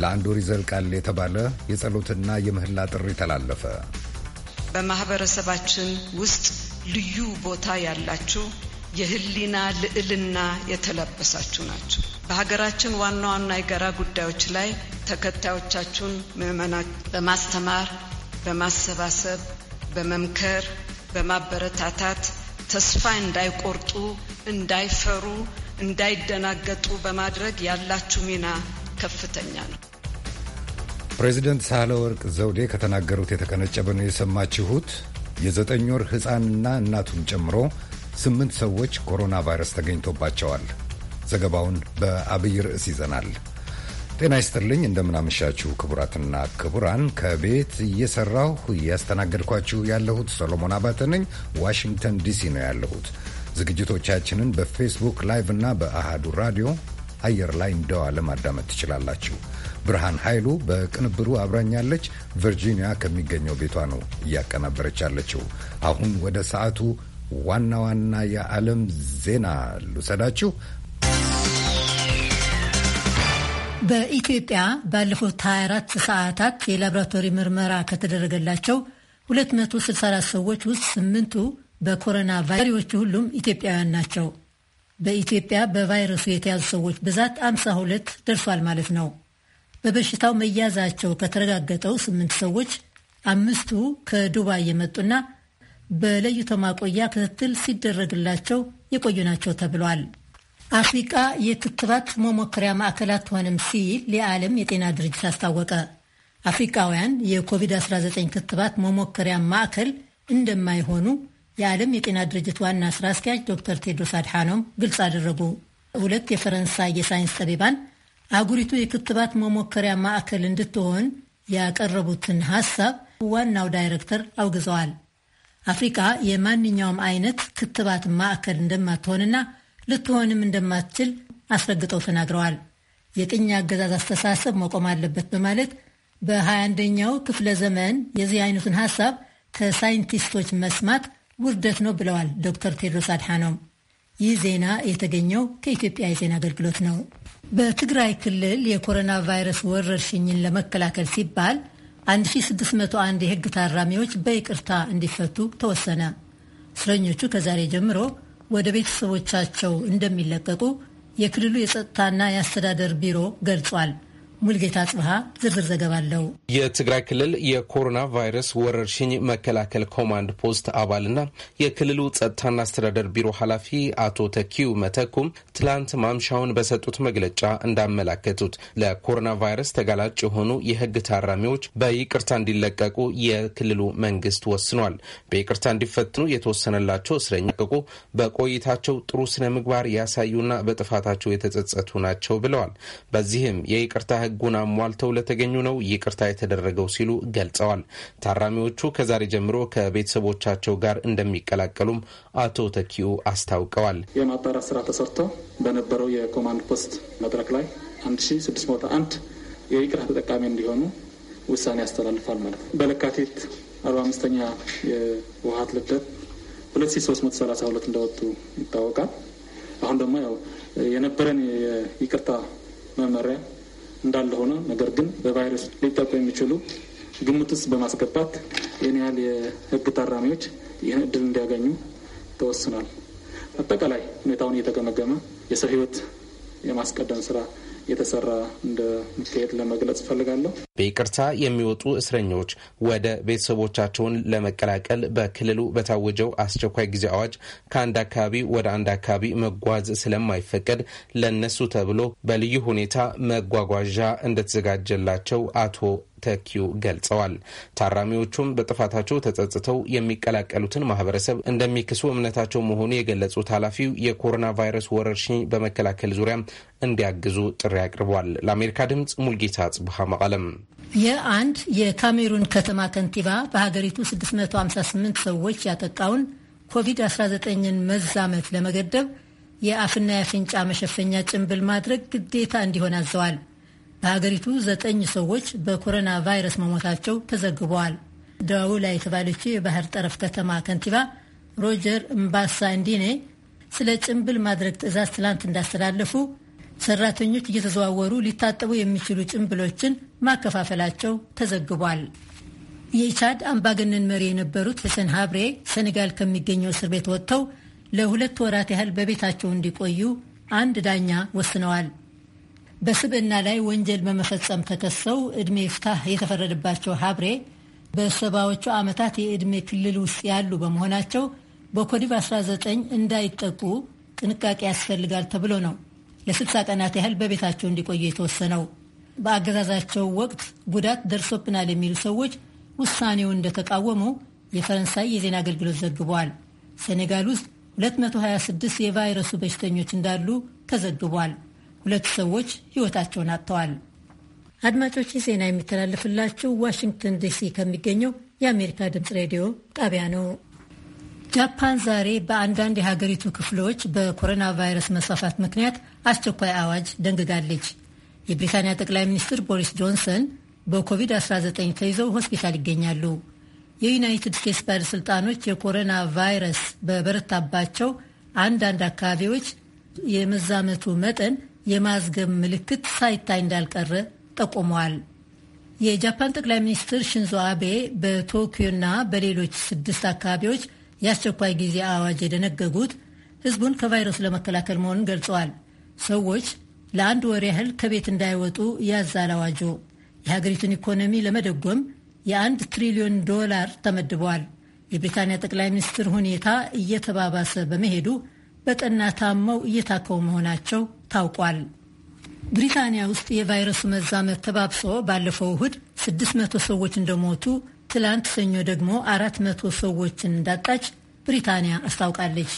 ለአንድ ወር ይዘልቃል የተባለ የጸሎትና የምህላ ጥሪ ተላለፈ። በማኅበረሰባችን ውስጥ ልዩ ቦታ ያላችሁ የህሊና ልዕልና የተለበሳችሁ ናችሁ። በሀገራችን ዋና ዋና የጋራ ጉዳዮች ላይ ተከታዮቻችሁን ምዕመናን በማስተማር በማሰባሰብ፣ በመምከር፣ በማበረታታት ተስፋ እንዳይቆርጡ፣ እንዳይፈሩ፣ እንዳይደናገጡ በማድረግ ያላችሁ ሚና ከፍተኛ ነው። ፕሬዚደንት ሳህለወርቅ ዘውዴ ከተናገሩት የተቀነጨበ ነው የሰማችሁት። የዘጠኝ ወር ሕፃንና እናቱን ጨምሮ ስምንት ሰዎች ኮሮና ቫይረስ ተገኝቶባቸዋል። ዘገባውን በአብይ ርዕስ ይዘናል። ጤና ይስጥልኝ፣ እንደምናመሻችሁ ክቡራትና ክቡራን። ከቤት እየሰራሁ እያስተናገድኳችሁ ያለሁት ሰሎሞን አባተ ነኝ። ዋሽንግተን ዲሲ ነው ያለሁት። ዝግጅቶቻችንን በፌስቡክ ላይቭ እና በአሃዱ ራዲዮ አየር ላይ እንደዋለ ማዳመጥ ትችላላችሁ። ብርሃን ኃይሉ በቅንብሩ አብራኛለች። ቨርጂኒያ ከሚገኘው ቤቷ ነው እያቀናበረች ያለችው። አሁን ወደ ሰዓቱ ዋና ዋና የዓለም ዜና ልውሰዳችሁ። በኢትዮጵያ ባለፉት 24 ሰዓታት የላብራቶሪ ምርመራ ከተደረገላቸው 264 ሰዎች ውስጥ ስምንቱ በኮሮና ቫይረሶቹ ሁሉም ኢትዮጵያውያን ናቸው። በኢትዮጵያ በቫይረሱ የተያዙ ሰዎች ብዛት 52 ደርሷል ማለት ነው። በበሽታው መያዛቸው ከተረጋገጠው ስምንት ሰዎች አምስቱ ከዱባይ የመጡና በለይቶ ማቆያ ክትትል ሲደረግላቸው የቆዩ ናቸው ተብሏል። አፍሪቃ የክትባት መሞከሪያ ማዕከል አትሆንም ሲል የዓለም የጤና ድርጅት አስታወቀ። አፍሪቃውያን የኮቪድ-19 ክትባት መሞከሪያ ማዕከል እንደማይሆኑ የዓለም የጤና ድርጅት ዋና ስራ አስኪያጅ ዶክተር ቴድሮስ አድሓኖም ግልጽ አደረጉ። ሁለት የፈረንሳይ የሳይንስ ጠቢባን አጉሪቱ የክትባት መሞከሪያ ማዕከል እንድትሆን ያቀረቡትን ሀሳብ ዋናው ዳይሬክተር አውግዘዋል። አፍሪካ የማንኛውም አይነት ክትባት ማዕከል እንደማትሆንና ልትሆንም እንደማትችል አስረግጠው ተናግረዋል። የቅኝ አገዛዝ አስተሳሰብ መቆም አለበት በማለት በ21ኛው ክፍለ ዘመን የዚህ አይነቱን ሀሳብ ከሳይንቲስቶች መስማት ውርደት ነው ብለዋል ዶክተር ቴድሮስ አድሓኖም። ይህ ዜና የተገኘው ከኢትዮጵያ የዜና አገልግሎት ነው። በትግራይ ክልል የኮሮና ቫይረስ ወረርሽኝን ለመከላከል ሲባል 1601 የሕግ ታራሚዎች በይቅርታ እንዲፈቱ ተወሰነ። እስረኞቹ ከዛሬ ጀምሮ ወደ ቤተሰቦቻቸው እንደሚለቀቁ የክልሉ የጸጥታና የአስተዳደር ቢሮ ገልጿል። ሙልጌታ ጽብሃ ዝርዝር ዘገባ አለው። የትግራይ ክልል የኮሮና ቫይረስ ወረርሽኝ መከላከል ኮማንድ ፖስት አባልና የክልሉ ጸጥታና አስተዳደር ቢሮ ኃላፊ አቶ ተኪው መተኩም ትላንት ማምሻውን በሰጡት መግለጫ እንዳመላከቱት ለኮሮና ቫይረስ ተጋላጭ የሆኑ የህግ ታራሚዎች በይቅርታ እንዲለቀቁ የክልሉ መንግስት ወስኗል። በይቅርታ እንዲፈትኑ የተወሰነላቸው እስረኛ ቀቁ በቆይታቸው ጥሩ ስነ ምግባር ያሳዩና በጥፋታቸው የተጸጸቱ ናቸው ብለዋል። በዚህም የይቅርታ ሕጉን ሟልተው ለተገኙ ነው ይቅርታ የተደረገው ሲሉ ገልጸዋል። ታራሚዎቹ ከዛሬ ጀምሮ ከቤተሰቦቻቸው ጋር እንደሚቀላቀሉም አቶ ተኪዩ አስታውቀዋል። የማጣራት ስራ ተሰርቶ በነበረው የኮማንድ ፖስት መድረክ ላይ 1601 የይቅርታ ተጠቃሚ እንዲሆኑ ውሳኔ ያስተላልፋል ማለት ነው። በለካቲት 45ኛ የውሀት ልደት 2332 እንደወጡ ይታወቃል። አሁን ደግሞ ያው የነበረን የይቅርታ መመሪያ እንዳለ ሆነ፣ ነገር ግን በቫይረስ ሊጠቁ የሚችሉ ግምትስ በማስገባት ይህን ያህል የህግ ታራሚዎች ይህን እድል እንዲያገኙ ተወስኗል። አጠቃላይ ሁኔታውን እየተገመገመ የሰው ህይወት የማስቀደም ስራ የተሰራ እንደሚካሄድ ለመግለጽ እፈልጋለሁ። በይቅርታ የሚወጡ እስረኞች ወደ ቤተሰቦቻቸውን ለመቀላቀል በክልሉ በታወጀው አስቸኳይ ጊዜ አዋጅ ከአንድ አካባቢ ወደ አንድ አካባቢ መጓዝ ስለማይፈቀድ ለነሱ ተብሎ በልዩ ሁኔታ መጓጓዣ እንደተዘጋጀላቸው አቶ ተኪው ገልጸዋል። ታራሚዎቹም በጥፋታቸው ተጸጽተው የሚቀላቀሉትን ማህበረሰብ እንደሚክሱ እምነታቸው መሆኑ የገለጹት ኃላፊው የኮሮና ቫይረስ ወረርሽኝ በመከላከል ዙሪያም እንዲያግዙ ጥሪ አቅርቧል። ለአሜሪካ ድምፅ ሙልጌታ ጽቡሃ መቀለም። የአንድ የካሜሩን ከተማ ከንቲባ በሀገሪቱ 658 ሰዎች ያጠቃውን ኮቪድ-19ን መዛመት ለመገደብ የአፍና የአፍንጫ መሸፈኛ ጭንብል ማድረግ ግዴታ እንዲሆን አዘዋል። በሀገሪቱ ዘጠኝ ሰዎች በኮሮና ቫይረስ መሞታቸው ተዘግበዋል። ደዋው ላይ የተባለችው የባህር ጠረፍ ከተማ ከንቲባ ሮጀር እምባሳ እንዲኔ ስለ ጭንብል ማድረግ ትዕዛዝ ትላንት እንዳስተላለፉ ሰራተኞች እየተዘዋወሩ ሊታጠቡ የሚችሉ ጭንብሎችን ማከፋፈላቸው ተዘግቧል። የቻድ አምባገነን መሪ የነበሩት ሕሰን ሀብሬ ሴኔጋል ከሚገኘው እስር ቤት ወጥተው ለሁለት ወራት ያህል በቤታቸው እንዲቆዩ አንድ ዳኛ ወስነዋል። በስብዕና ላይ ወንጀል በመፈጸም ተከሰው ዕድሜ ፍታህ የተፈረደባቸው ሀብሬ በሰባዎቹ ዓመታት የዕድሜ ክልል ውስጥ ያሉ በመሆናቸው በኮዲቭ 19 እንዳይጠቁ ጥንቃቄ ያስፈልጋል ተብሎ ነው ለ60 ቀናት ያህል በቤታቸው እንዲቆዩ የተወሰነው። በአገዛዛቸው ወቅት ጉዳት ደርሶብናል የሚሉ ሰዎች ውሳኔውን እንደተቃወሙ የፈረንሳይ የዜና አገልግሎት ዘግቧል። ሴኔጋል ውስጥ 226 የቫይረሱ በሽተኞች እንዳሉ ተዘግቧል። ሁለት ሰዎች ሕይወታቸውን አጥተዋል። አድማጮች ዜና የሚተላለፍላችሁ ዋሽንግተን ዲሲ ከሚገኘው የአሜሪካ ድምፅ ሬዲዮ ጣቢያ ነው። ጃፓን ዛሬ በአንዳንድ የሀገሪቱ ክፍሎች በኮሮና ቫይረስ መስፋፋት ምክንያት አስቸኳይ አዋጅ ደንግጋለች። የብሪታንያ ጠቅላይ ሚኒስትር ቦሪስ ጆንሰን በኮቪድ-19 ተይዘው ሆስፒታል ይገኛሉ። የዩናይትድ ስቴትስ ባለሥልጣኖች የኮሮና ቫይረስ በበረታባቸው አንዳንድ አካባቢዎች የመዛመቱ መጠን የማዝገብ ምልክት ሳይታይ እንዳልቀረ ጠቁመዋል። የጃፓን ጠቅላይ ሚኒስትር ሽንዞ አቤ በቶኪዮና በሌሎች ስድስት አካባቢዎች የአስቸኳይ ጊዜ አዋጅ የደነገጉት ህዝቡን ከቫይረሱ ለመከላከል መሆኑን ገልጸዋል። ሰዎች ለአንድ ወር ያህል ከቤት እንዳይወጡ ያዛል አዋጁ። የሀገሪቱን ኢኮኖሚ ለመደጎም የአንድ ትሪሊዮን ዶላር ተመድበዋል። የብሪታንያ ጠቅላይ ሚኒስትር ሁኔታ እየተባባሰ በመሄዱ በጠና ታመው እየታከሙ መሆናቸው ታውቋል። ብሪታንያ ውስጥ የቫይረሱ መዛመት ተባብሶ ባለፈው እሁድ 600 ሰዎች እንደሞቱ ትላንት ሰኞ ደግሞ 400 ሰዎችን እንዳጣች ብሪታንያ አስታውቃለች።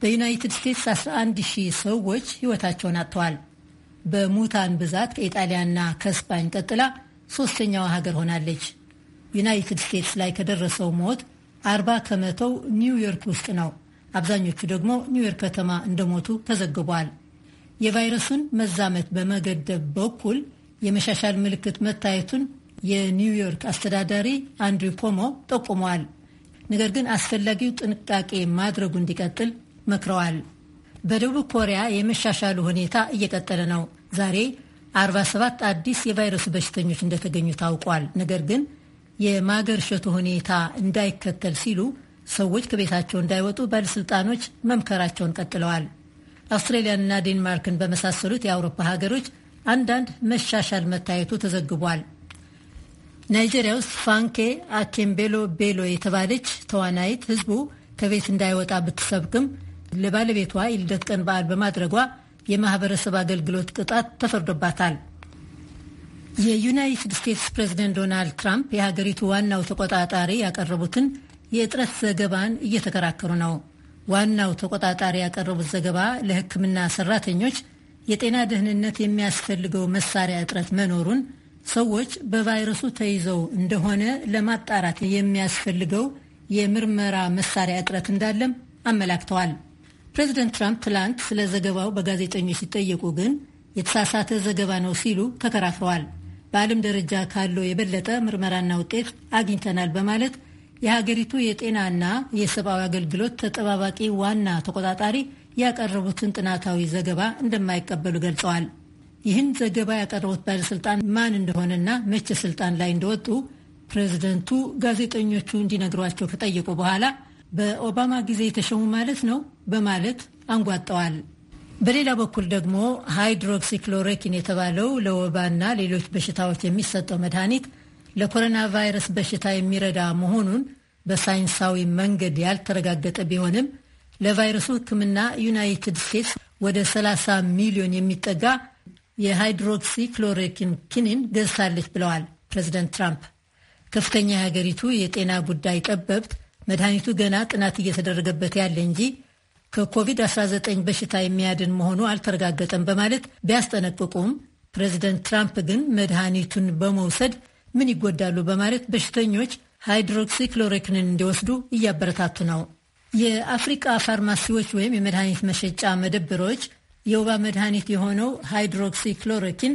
በዩናይትድ ስቴትስ ሺህ ሰዎች ሕይወታቸውን አጥተዋል። በሙታን ብዛት ከኢጣሊያና ከስፓኝ ቀጥላ ሶስተኛዋ ሀገር ሆናለች። ዩናይትድ ስቴትስ ላይ ከደረሰው ሞት 40 ከመቶው ኒውዮርክ ውስጥ ነው። አብዛኞቹ ደግሞ ኒውዮርክ ከተማ እንደሞቱ ተዘግቧል። የቫይረሱን መዛመት በመገደብ በኩል የመሻሻል ምልክት መታየቱን የኒውዮርክ አስተዳዳሪ አንድሪው ኮሞ ጠቁመዋል። ነገር ግን አስፈላጊው ጥንቃቄ ማድረጉ እንዲቀጥል መክረዋል። በደቡብ ኮሪያ የመሻሻሉ ሁኔታ እየቀጠለ ነው። ዛሬ 47 አዲስ የቫይረሱ በሽተኞች እንደተገኙ ታውቋል። ነገር ግን የማገርሸቱ ሁኔታ እንዳይከተል ሲሉ ሰዎች ከቤታቸው እንዳይወጡ ባለሥልጣኖች መምከራቸውን ቀጥለዋል። አውስትሬሊያንና ዴንማርክን በመሳሰሉት የአውሮፓ ሀገሮች አንዳንድ መሻሻል መታየቱ ተዘግቧል። ናይጄሪያ ውስጥ ፋንኬ አኬምቤሎ ቤሎ የተባለች ተዋናይት ህዝቡ ከቤት እንዳይወጣ ብትሰብክም ለባለቤቷ የልደት ቀን በዓል በማድረጓ የማህበረሰብ አገልግሎት ቅጣት ተፈርዶባታል። የዩናይትድ ስቴትስ ፕሬዝደንት ዶናልድ ትራምፕ የሀገሪቱ ዋናው ተቆጣጣሪ ያቀረቡትን የእጥረት ዘገባን እየተከራከሩ ነው። ዋናው ተቆጣጣሪ ያቀረቡት ዘገባ ለሕክምና ሰራተኞች የጤና ደህንነት የሚያስፈልገው መሳሪያ እጥረት መኖሩን፣ ሰዎች በቫይረሱ ተይዘው እንደሆነ ለማጣራት የሚያስፈልገው የምርመራ መሳሪያ እጥረት እንዳለም አመላክተዋል። ፕሬዚደንት ትራምፕ ትላንት ስለ ዘገባው በጋዜጠኞች ሲጠየቁ ግን የተሳሳተ ዘገባ ነው ሲሉ ተከራክረዋል። በዓለም ደረጃ ካለው የበለጠ ምርመራና ውጤት አግኝተናል በማለት የሀገሪቱ የጤናና የሰብአዊ አገልግሎት ተጠባባቂ ዋና ተቆጣጣሪ ያቀረቡትን ጥናታዊ ዘገባ እንደማይቀበሉ ገልጸዋል። ይህን ዘገባ ያቀረቡት ባለስልጣን ማን እንደሆነና መቼ ስልጣን ላይ እንደወጡ ፕሬዚደንቱ ጋዜጠኞቹ እንዲነግሯቸው ከጠየቁ በኋላ በኦባማ ጊዜ የተሸሙ ማለት ነው በማለት አንጓጠዋል። በሌላ በኩል ደግሞ ሃይድሮክሲክሎሮኪን የተባለው ለወባና ሌሎች በሽታዎች የሚሰጠው መድኃኒት ለኮሮና ቫይረስ በሽታ የሚረዳ መሆኑን በሳይንሳዊ መንገድ ያልተረጋገጠ ቢሆንም ለቫይረሱ ሕክምና ዩናይትድ ስቴትስ ወደ 30 ሚሊዮን የሚጠጋ የሃይድሮክሲ ክሎሮኪን ኪኒን ገዝታለች ብለዋል ፕሬዚደንት ትራምፕ። ከፍተኛ የሀገሪቱ የጤና ጉዳይ ጠበብት መድኃኒቱ ገና ጥናት እየተደረገበት ያለ እንጂ ከኮቪድ-19 በሽታ የሚያድን መሆኑ አልተረጋገጠም በማለት ቢያስጠነቅቁም ፕሬዚደንት ትራምፕ ግን መድኃኒቱን በመውሰድ ምን ይጎዳሉ በማለት በሽተኞች ሃይድሮክሲ ክሎሮክንን እንዲወስዱ እያበረታቱ ነው። የአፍሪቃ ፋርማሲዎች ወይም የመድኃኒት መሸጫ መደብሮች የወባ መድኃኒት የሆነው ሃይድሮክሲ ክሎሮኪን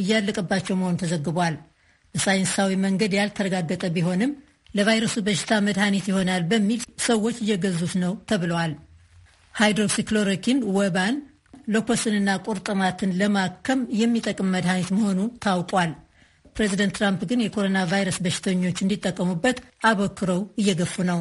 እያለቀባቸው መሆኑ ተዘግቧል። በሳይንሳዊ መንገድ ያልተረጋገጠ ቢሆንም ለቫይረሱ በሽታ መድኃኒት ይሆናል በሚል ሰዎች እየገዙት ነው ተብለዋል። ሃይድሮክሲክሎሮኪን ወባን፣ ሎኮስንና ቁርጥማትን ለማከም የሚጠቅም መድኃኒት መሆኑ ታውቋል። ፕሬዚደንት ትራምፕ ግን የኮሮና ቫይረስ በሽተኞች እንዲጠቀሙበት አበክረው እየገፉ ነው።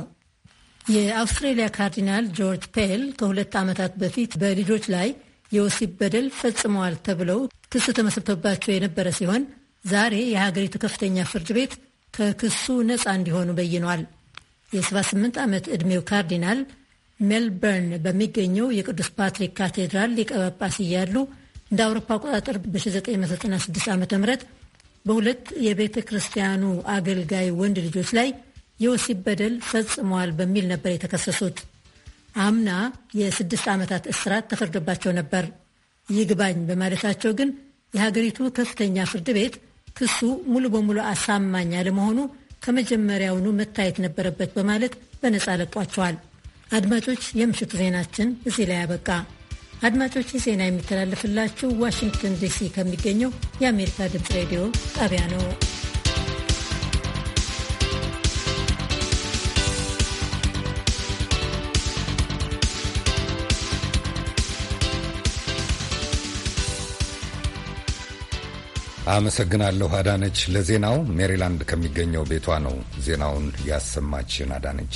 የአውስትሬሊያ ካርዲናል ጆርጅ ፔል ከሁለት ዓመታት በፊት በልጆች ላይ የወሲብ በደል ፈጽመዋል ተብለው ክስ ተመስርቶባቸው የነበረ ሲሆን ዛሬ የሀገሪቱ ከፍተኛ ፍርድ ቤት ከክሱ ነፃ እንዲሆኑ በይኗል። የ78 ዓመት ዕድሜው ካርዲናል ሜልበርን በሚገኘው የቅዱስ ፓትሪክ ካቴድራል ሊቀ ጳጳስ እያሉ እንደ አውሮፓ አቆጣጠር በ1996 ዓ ም በሁለት የቤተ ክርስቲያኑ አገልጋይ ወንድ ልጆች ላይ የወሲብ በደል ፈጽመዋል በሚል ነበር የተከሰሱት። አምና የስድስት ዓመታት እስራት ተፈርዶባቸው ነበር። ይግባኝ በማለታቸው ግን የሀገሪቱ ከፍተኛ ፍርድ ቤት ክሱ ሙሉ በሙሉ አሳማኝ አለመሆኑ ከመጀመሪያውኑ መታየት ነበረበት በማለት በነፃ ለቋቸዋል። አድማጮች፣ የምሽቱ ዜናችን እዚህ ላይ አበቃ። አድማጮች ዜና የሚተላለፍላችሁ ዋሽንግተን ዲሲ ከሚገኘው የአሜሪካ ድምፅ ሬዲዮ ጣቢያ ነው። አመሰግናለሁ አዳነች ለዜናው። ሜሪላንድ ከሚገኘው ቤቷ ነው ዜናውን ያሰማችን አዳነች።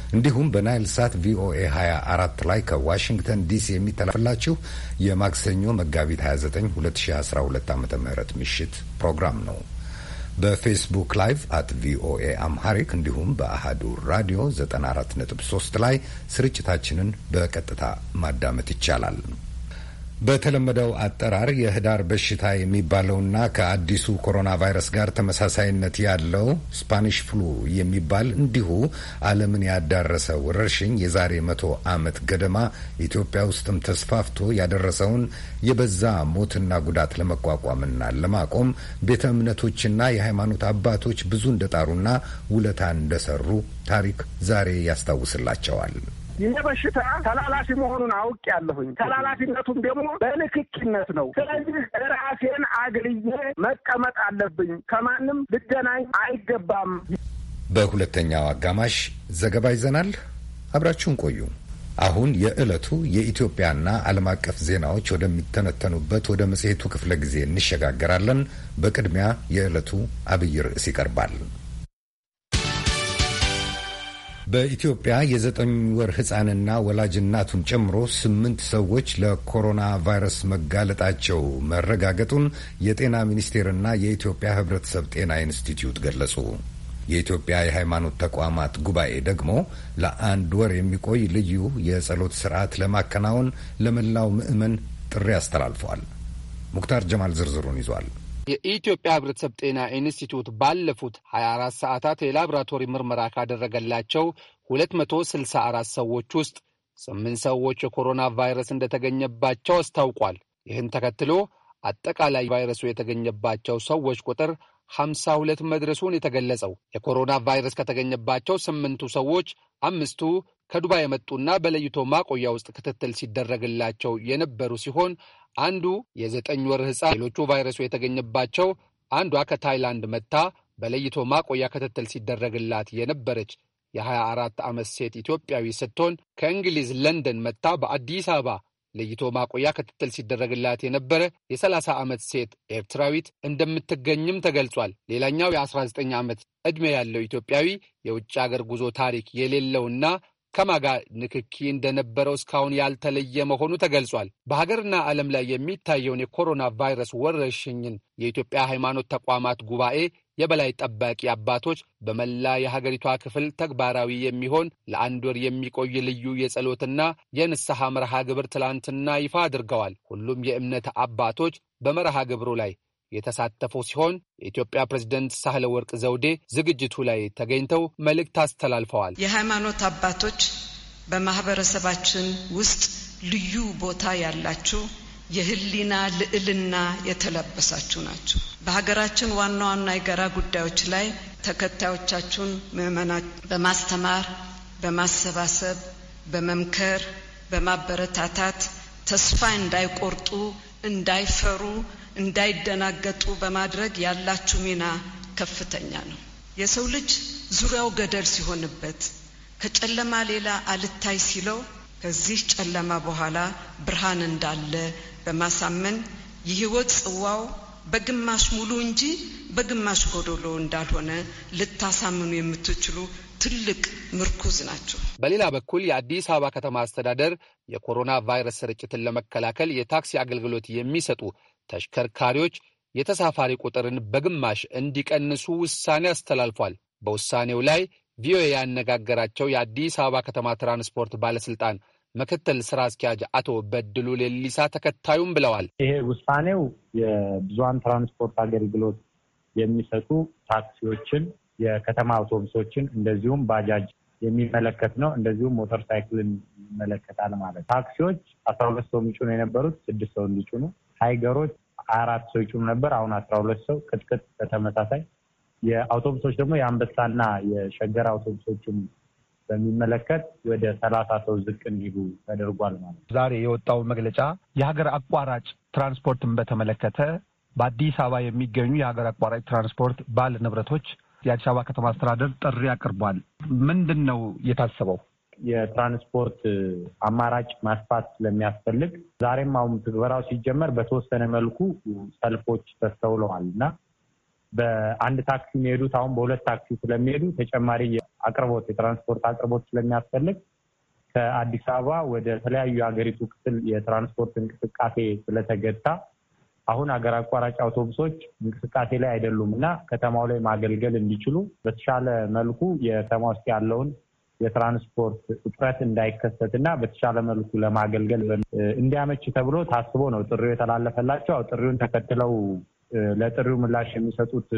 እንዲሁም በናይል ሳት ቪኦኤ 24 ላይ ከዋሽንግተን ዲሲ የሚተላለፍላችሁ የማክሰኞ መጋቢት 29 2012 ዓ ም ምሽት ፕሮግራም ነው። በፌስቡክ ላይቭ አት ቪኦኤ አምሃሪክ እንዲሁም በአሃዱ ራዲዮ 94.3 ላይ ስርጭታችንን በቀጥታ ማዳመጥ ይቻላል። በተለመደው አጠራር የህዳር በሽታ የሚባለውና ከአዲሱ ኮሮና ቫይረስ ጋር ተመሳሳይነት ያለው ስፓኒሽ ፍሉ የሚባል እንዲሁ ዓለምን ያዳረሰ ወረርሽኝ የዛሬ መቶ ዓመት ገደማ ኢትዮጵያ ውስጥም ተስፋፍቶ ያደረሰውን የበዛ ሞትና ጉዳት ለመቋቋምና ለማቆም ቤተ እምነቶችና የሃይማኖት አባቶች ብዙ እንደጣሩና ውለታ እንደሰሩ ታሪክ ዛሬ ያስታውስላቸዋል። ይህ በሽታ ተላላፊ መሆኑን አውቅ ያለሁኝ ተላላፊነቱም ደግሞ በንክኪነት ነው። ስለዚህ ራሴን አግልዬ መቀመጥ አለብኝ። ከማንም ልገናኝ አይገባም። በሁለተኛው አጋማሽ ዘገባ ይዘናል። አብራችሁን ቆዩ። አሁን የዕለቱ የኢትዮጵያና ዓለም አቀፍ ዜናዎች ወደሚተነተኑበት ወደ መጽሔቱ ክፍለ ጊዜ እንሸጋገራለን። በቅድሚያ የዕለቱ አብይ ርዕስ ይቀርባል። በኢትዮጵያ የዘጠኝ ወር ህፃንና ወላጅ እናቱን ጨምሮ ስምንት ሰዎች ለኮሮና ቫይረስ መጋለጣቸው መረጋገጡን የጤና ሚኒስቴርና የኢትዮጵያ ህብረተሰብ ጤና ኢንስቲትዩት ገለጹ። የኢትዮጵያ የሃይማኖት ተቋማት ጉባኤ ደግሞ ለአንድ ወር የሚቆይ ልዩ የጸሎት ስርዓት ለማከናወን ለመላው ምዕመን ጥሪ አስተላልፏል። ሙክታር ጀማል ዝርዝሩን ይዟል። የኢትዮጵያ ሕብረተሰብ ጤና ኢንስቲትዩት ባለፉት 24 ሰዓታት የላቦራቶሪ ምርመራ ካደረገላቸው 264 ሰዎች ውስጥ ስምንት ሰዎች የኮሮና ቫይረስ እንደተገኘባቸው አስታውቋል። ይህን ተከትሎ አጠቃላይ ቫይረሱ የተገኘባቸው ሰዎች ቁጥር 52 መድረሱን የተገለጸው የኮሮና ቫይረስ ከተገኘባቸው ስምንቱ ሰዎች አምስቱ ከዱባይ የመጡና በለይቶ ማቆያ ውስጥ ክትትል ሲደረግላቸው የነበሩ ሲሆን አንዱ የዘጠኝ ወር ሕፃን፣ ሌሎቹ ቫይረሱ የተገኘባቸው አንዷ ከታይላንድ መጥታ በለይቶ ማቆያ ክትትል ሲደረግላት የነበረች የ24 ዓመት ሴት ኢትዮጵያዊ ስትሆን ከእንግሊዝ ለንደን መጥታ በአዲስ አበባ ለይቶ ማቆያ ክትትል ሲደረግላት የነበረ የ30 ዓመት ሴት ኤርትራዊት እንደምትገኝም ተገልጿል። ሌላኛው የ19 ዓመት ዕድሜ ያለው ኢትዮጵያዊ የውጭ አገር ጉዞ ታሪክ የሌለውና ከማጋ ንክኪ እንደነበረው እስካሁን ያልተለየ መሆኑ ተገልጿል። በሀገርና ዓለም ላይ የሚታየውን የኮሮና ቫይረስ ወረርሽኝን የኢትዮጵያ ሃይማኖት ተቋማት ጉባኤ የበላይ ጠባቂ አባቶች በመላ የሀገሪቷ ክፍል ተግባራዊ የሚሆን ለአንድ ወር የሚቆይ ልዩ የጸሎትና የንስሐ መርሃ ግብር ትላንትና ይፋ አድርገዋል። ሁሉም የእምነት አባቶች በመርሃ ግብሩ ላይ የተሳተፉ ሲሆን የኢትዮጵያ ፕሬዝደንት ሳህለ ወርቅ ዘውዴ ዝግጅቱ ላይ ተገኝተው መልእክት አስተላልፈዋል። የሃይማኖት አባቶች በማህበረሰባችን ውስጥ ልዩ ቦታ ያላችሁ የህሊና ልዕልና የተለበሳችሁ ናችሁ። በሀገራችን ዋና ዋና የጋራ ጉዳዮች ላይ ተከታዮቻችሁን ምዕመናን በማስተማር በማሰባሰብ፣ በመምከር፣ በማበረታታት ተስፋ እንዳይቆርጡ እንዳይፈሩ እንዳይደናገጡ በማድረግ ያላችሁ ሚና ከፍተኛ ነው። የሰው ልጅ ዙሪያው ገደል ሲሆንበት ከጨለማ ሌላ አልታይ ሲለው ከዚህ ጨለማ በኋላ ብርሃን እንዳለ በማሳመን የህይወት ጽዋው በግማሽ ሙሉ እንጂ በግማሽ ጎዶሎ እንዳልሆነ ልታሳምኑ የምትችሉ ትልቅ ምርኩዝ ናቸው። በሌላ በኩል የአዲስ አበባ ከተማ አስተዳደር የኮሮና ቫይረስ ስርጭትን ለመከላከል የታክሲ አገልግሎት የሚሰጡ ተሽከርካሪዎች የተሳፋሪ ቁጥርን በግማሽ እንዲቀንሱ ውሳኔ አስተላልፏል። በውሳኔው ላይ ቪኦኤ ያነጋገራቸው የአዲስ አበባ ከተማ ትራንስፖርት ባለስልጣን ምክትል ስራ አስኪያጅ አቶ በድሉ ሌሊሳ ተከታዩም ብለዋል። ይሄ ውሳኔው የብዙሀን ትራንስፖርት አገልግሎት የሚሰጡ ታክሲዎችን፣ የከተማ አውቶቡሶችን እንደዚሁም ባጃጅ የሚመለከት ነው። እንደዚሁም ሞተር ሳይክልን ይመለከታል ማለት ታክሲዎች አስራ ሁለት ሰው የሚጭኑ የነበሩት ስድስት ሰው እንዲጭኑ ታይገሮች አራት ሰው ይጩም ነበር። አሁን አስራ ሁለት ሰው ቅጥቅጥ በተመሳሳይ የአውቶቡሶች ደግሞ የአንበሳና የሸገር አውቶቡሶችም በሚመለከት ወደ ሰላሳ ሰው ዝቅ እንዲሉ ተደርጓል ማለት ነው። ዛሬ የወጣው መግለጫ የሀገር አቋራጭ ትራንስፖርትን በተመለከተ በአዲስ አበባ የሚገኙ የሀገር አቋራጭ ትራንስፖርት ባለ ንብረቶች የአዲስ አበባ ከተማ አስተዳደር ጥሪ አቅርቧል። ምንድን ነው የታሰበው? የትራንስፖርት አማራጭ ማስፋት ስለሚያስፈልግ ዛሬም አሁን ትግበራው ሲጀመር በተወሰነ መልኩ ሰልፎች ተስተውለዋል እና በአንድ ታክሲ የሚሄዱት አሁን በሁለት ታክሲ ስለሚሄዱ ተጨማሪ አቅርቦት የትራንስፖርት አቅርቦት ስለሚያስፈልግ ከአዲስ አበባ ወደ ተለያዩ የሀገሪቱ ክፍል የትራንስፖርት እንቅስቃሴ ስለተገታ አሁን ሀገር አቋራጭ አውቶቡሶች እንቅስቃሴ ላይ አይደሉም እና ከተማው ላይ ማገልገል እንዲችሉ በተሻለ መልኩ የከተማ ውስጥ ያለውን የትራንስፖርት እጥረት እንዳይከሰት እና በተሻለ መልኩ ለማገልገል እንዲያመች ተብሎ ታስቦ ነው ጥሪው የተላለፈላቸው። ያው ጥሪውን ተከትለው ለጥሪው ምላሽ የሚሰጡት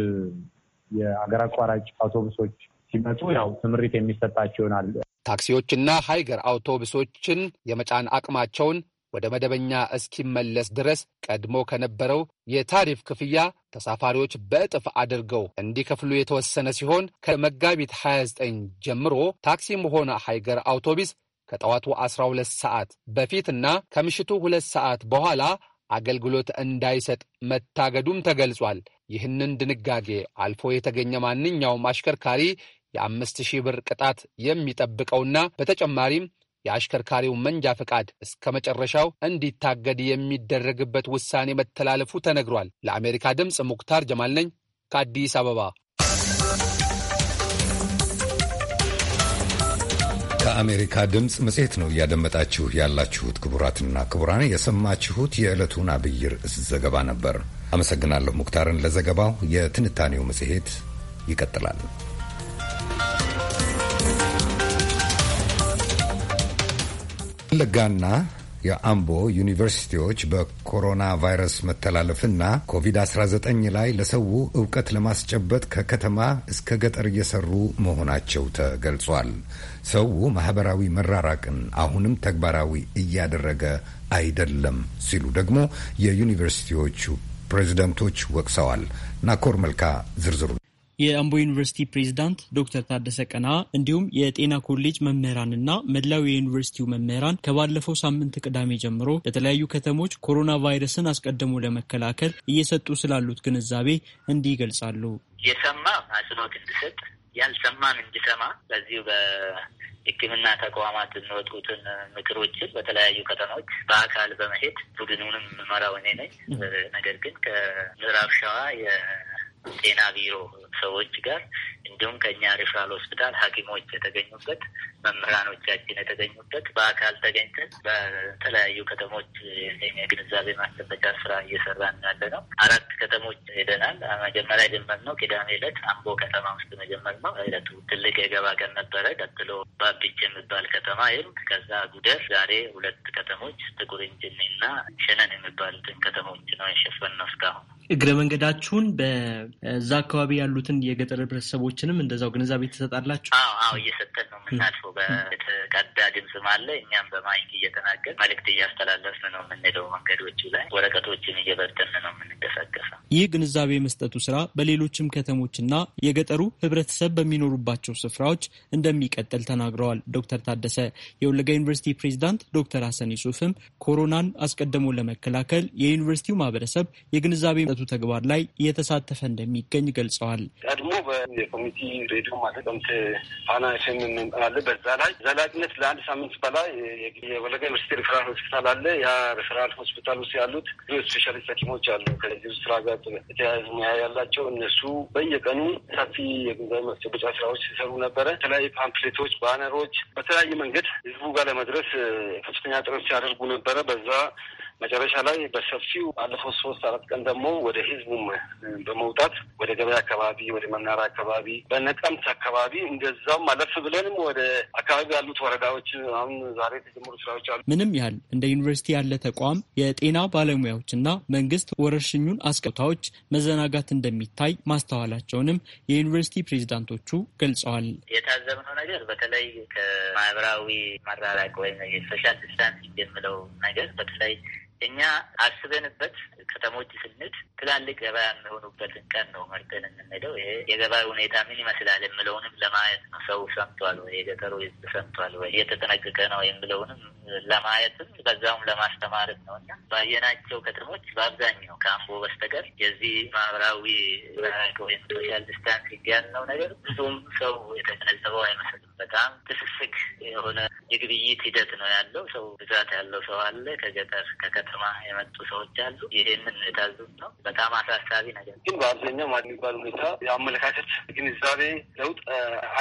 የአገር አቋራጭ አውቶቡሶች ሲመጡ ያው ትምሪት የሚሰጣቸው ይሆናል። ታክሲዎችና ሀይገር አውቶቡሶችን የመጫን አቅማቸውን ወደ መደበኛ እስኪመለስ ድረስ ቀድሞ ከነበረው የታሪፍ ክፍያ ተሳፋሪዎች በእጥፍ አድርገው እንዲከፍሉ የተወሰነ ሲሆን ከመጋቢት 29 ጀምሮ ታክሲም ሆነ ሃይገር አውቶቢስ ከጠዋቱ 12 ሰዓት በፊትና ከምሽቱ 2 ሰዓት በኋላ አገልግሎት እንዳይሰጥ መታገዱም ተገልጿል። ይህንን ድንጋጌ አልፎ የተገኘ ማንኛውም አሽከርካሪ የአምስት ሺህ ብር ቅጣት የሚጠብቀውና በተጨማሪም የአሽከርካሪው መንጃ ፈቃድ እስከ መጨረሻው እንዲታገድ የሚደረግበት ውሳኔ መተላለፉ ተነግሯል። ለአሜሪካ ድምፅ ሙክታር ጀማል ነኝ ከአዲስ አበባ። ከአሜሪካ ድምፅ መጽሔት ነው እያደመጣችሁ ያላችሁት። ክቡራትና ክቡራን የሰማችሁት የዕለቱን አብይ ርዕስ ዘገባ ነበር። አመሰግናለሁ ሙክታርን ለዘገባው። የትንታኔው መጽሔት ይቀጥላል። የወለጋና የአምቦ ዩኒቨርሲቲዎች በኮሮና ቫይረስ መተላለፍና ኮቪድ-19 ላይ ለሰው እውቀት ለማስጨበጥ ከከተማ እስከ ገጠር እየሰሩ መሆናቸው ተገልጿል። ሰው ማህበራዊ መራራቅን አሁንም ተግባራዊ እያደረገ አይደለም ሲሉ ደግሞ የዩኒቨርሲቲዎቹ ፕሬዝደንቶች ወቅሰዋል። ናኮር መልካ ዝርዝሩ የአምቦ ዩኒቨርሲቲ ፕሬዚዳንት ዶክተር ታደሰ ቀና እንዲሁም የጤና ኮሌጅ መምህራንና መላው የዩኒቨርሲቲው መምህራን ከባለፈው ሳምንት ቅዳሜ ጀምሮ በተለያዩ ከተሞች ኮሮና ቫይረስን አስቀድሞ ለመከላከል እየሰጡ ስላሉት ግንዛቤ እንዲህ ይገልጻሉ። የሰማ አጽንኦት እንዲሰጥ ያልሰማም እንዲሰማ በዚሁ በሕክምና ተቋማት የሚወጡትን ምክሮችን በተለያዩ ከተሞች በአካል በመሄድ ቡድኑንም መራው እኔ ነኝ። ነገር ግን ከምዕራብ ሸዋ ጤና ቢሮ ሰዎች ጋር እንዲሁም ከእኛ ሪፍራል ሆስፒታል ሐኪሞች የተገኙበት መምህራኖቻችን የተገኙበት በአካል ተገኝተን በተለያዩ ከተሞች የግንዛቤ ማስጨበጫ ስራ እየሰራን ያለ ነው። አራት ከተሞች ሄደናል። መጀመሪያ የጀመርነው ቅዳሜ ዕለት አምቦ ከተማ ውስጥ መጀመር ነው። ዕለቱ ትልቅ የገባ ቀን ነበረ። ቀጥሎ ባቢች የሚባል ከተማ ይም ከዛ ጉደር፣ ዛሬ ሁለት ከተሞች ጥቁር እንጅኒ እና ሸነን የሚባሉትን ከተሞች ነው የሸፈን ነው እስካሁን እግረ መንገዳችሁን በዛ አካባቢ ያሉትን የገጠር ህብረተሰቦችንም እንደዛው ግንዛቤ ትሰጣላችሁ? አዎ አዎ፣ እየሰጠን ነው የምናልፈው። በተቀዳ ድምፅም አለ፣ እኛም በማይክ እየተናገር መልክት እያስተላለፍን ነው የምንሄደው። መንገዶቹ ላይ ወረቀቶችን እየበተን ነው የምንንቀሳቀሰው። ይህ ግንዛቤ የመስጠቱ ስራ በሌሎችም ከተሞችና የገጠሩ ህብረተሰብ በሚኖሩባቸው ስፍራዎች እንደሚቀጥል ተናግረዋል ዶክተር ታደሰ። የወለጋ ዩኒቨርሲቲ ፕሬዚዳንት ዶክተር ሀሰን ዩሱፍም ኮሮናን አስቀድሞ ለመከላከል የዩኒቨርሲቲው ማህበረሰብ የግንዛቤ በዕለቱ ተግባር ላይ እየተሳተፈ እንደሚገኝ ገልጸዋል። ቀድሞ የኮሚኒቲ ሬዲዮ ማለት ፋና ኤፍ ኤም በዛ ላይ ዘላቂነት ለአንድ ሳምንት በላይ የወለጋ ዩኒቨርሲቲ ሪፈራል ሆስፒታል አለ። ያ ሪፈራል ሆስፒታል ውስጥ ያሉት ስፔሻሊስት ሐኪሞች አሉ። ከዚህ ስራ ጋር የተያያዙ ሙያ ያላቸው እነሱ በየቀኑ ሰፊ የግንዛቤ ማስጨበጫ ስራዎች ሲሰሩ ነበረ። የተለያዩ ፓምፕሌቶች፣ ባነሮች በተለያየ መንገድ ህዝቡ ጋር ለመድረስ ከፍተኛ ጥረት ሲያደርጉ ነበረ። በዛ መጨረሻ ላይ በሰፊው ባለፈው ሶስት አራት ቀን ደግሞ ወደ ህዝቡም በመውጣት ወደ ገበያ አካባቢ፣ ወደ መናራ አካባቢ፣ በነቀምት አካባቢ እንደዛም አለፍ ብለንም ወደ አካባቢ ያሉት ወረዳዎች አሁን ዛሬ የተጀመሩ ስራዎች አሉ። ምንም ያህል እንደ ዩኒቨርሲቲ ያለ ተቋም የጤና ባለሙያዎችና መንግስት ወረርሽኙን አስቀታዎች መዘናጋት እንደሚታይ ማስተዋላቸውንም የዩኒቨርሲቲ ፕሬዚዳንቶቹ ገልጸዋል። የታዘብነው ነገር በተለይ ከማህበራዊ መራራቅ ወይም የሶሻል ዲስታንስ የምለው ነገር በተለይ እኛ አስበንበት ከተሞች ስንድ ትላልቅ ገበያ የሚሆኑበትን ቀን ነው መርጠን የምንሄደው። ይሄ የገበያ ሁኔታ ምን ይመስላል የምለውንም ለማየት ነው። ሰው ሰምቷል ወይ? የገጠሩ ህዝብ ሰምቷል ወይ? እየተጠነቀቀ ነው የምለውንም ለማየትም በዛውም ለማስተማርም ነው እና ባየናቸው ከተሞች በአብዛኛው ከአምቦ በስተቀር የዚህ ማህበራዊ ወይም ሶሻል ዲስታንሲንግ ያልነው ነገር ብዙም ሰው የተገነዘበው አይመስልም። በጣም ትስስግ የሆነ የግብይት ሂደት ነው ያለው። ሰው ብዛት ያለው ሰው አለ ከገጠር ከከተ ከተማ የመጡ ሰዎች አሉ። ይህንን የታዘብ ነው። በጣም አሳሳቢ ነገር ግን በአብዛኛው ማለት ሁኔታ የአመለካከት ግንዛቤ ለውጥ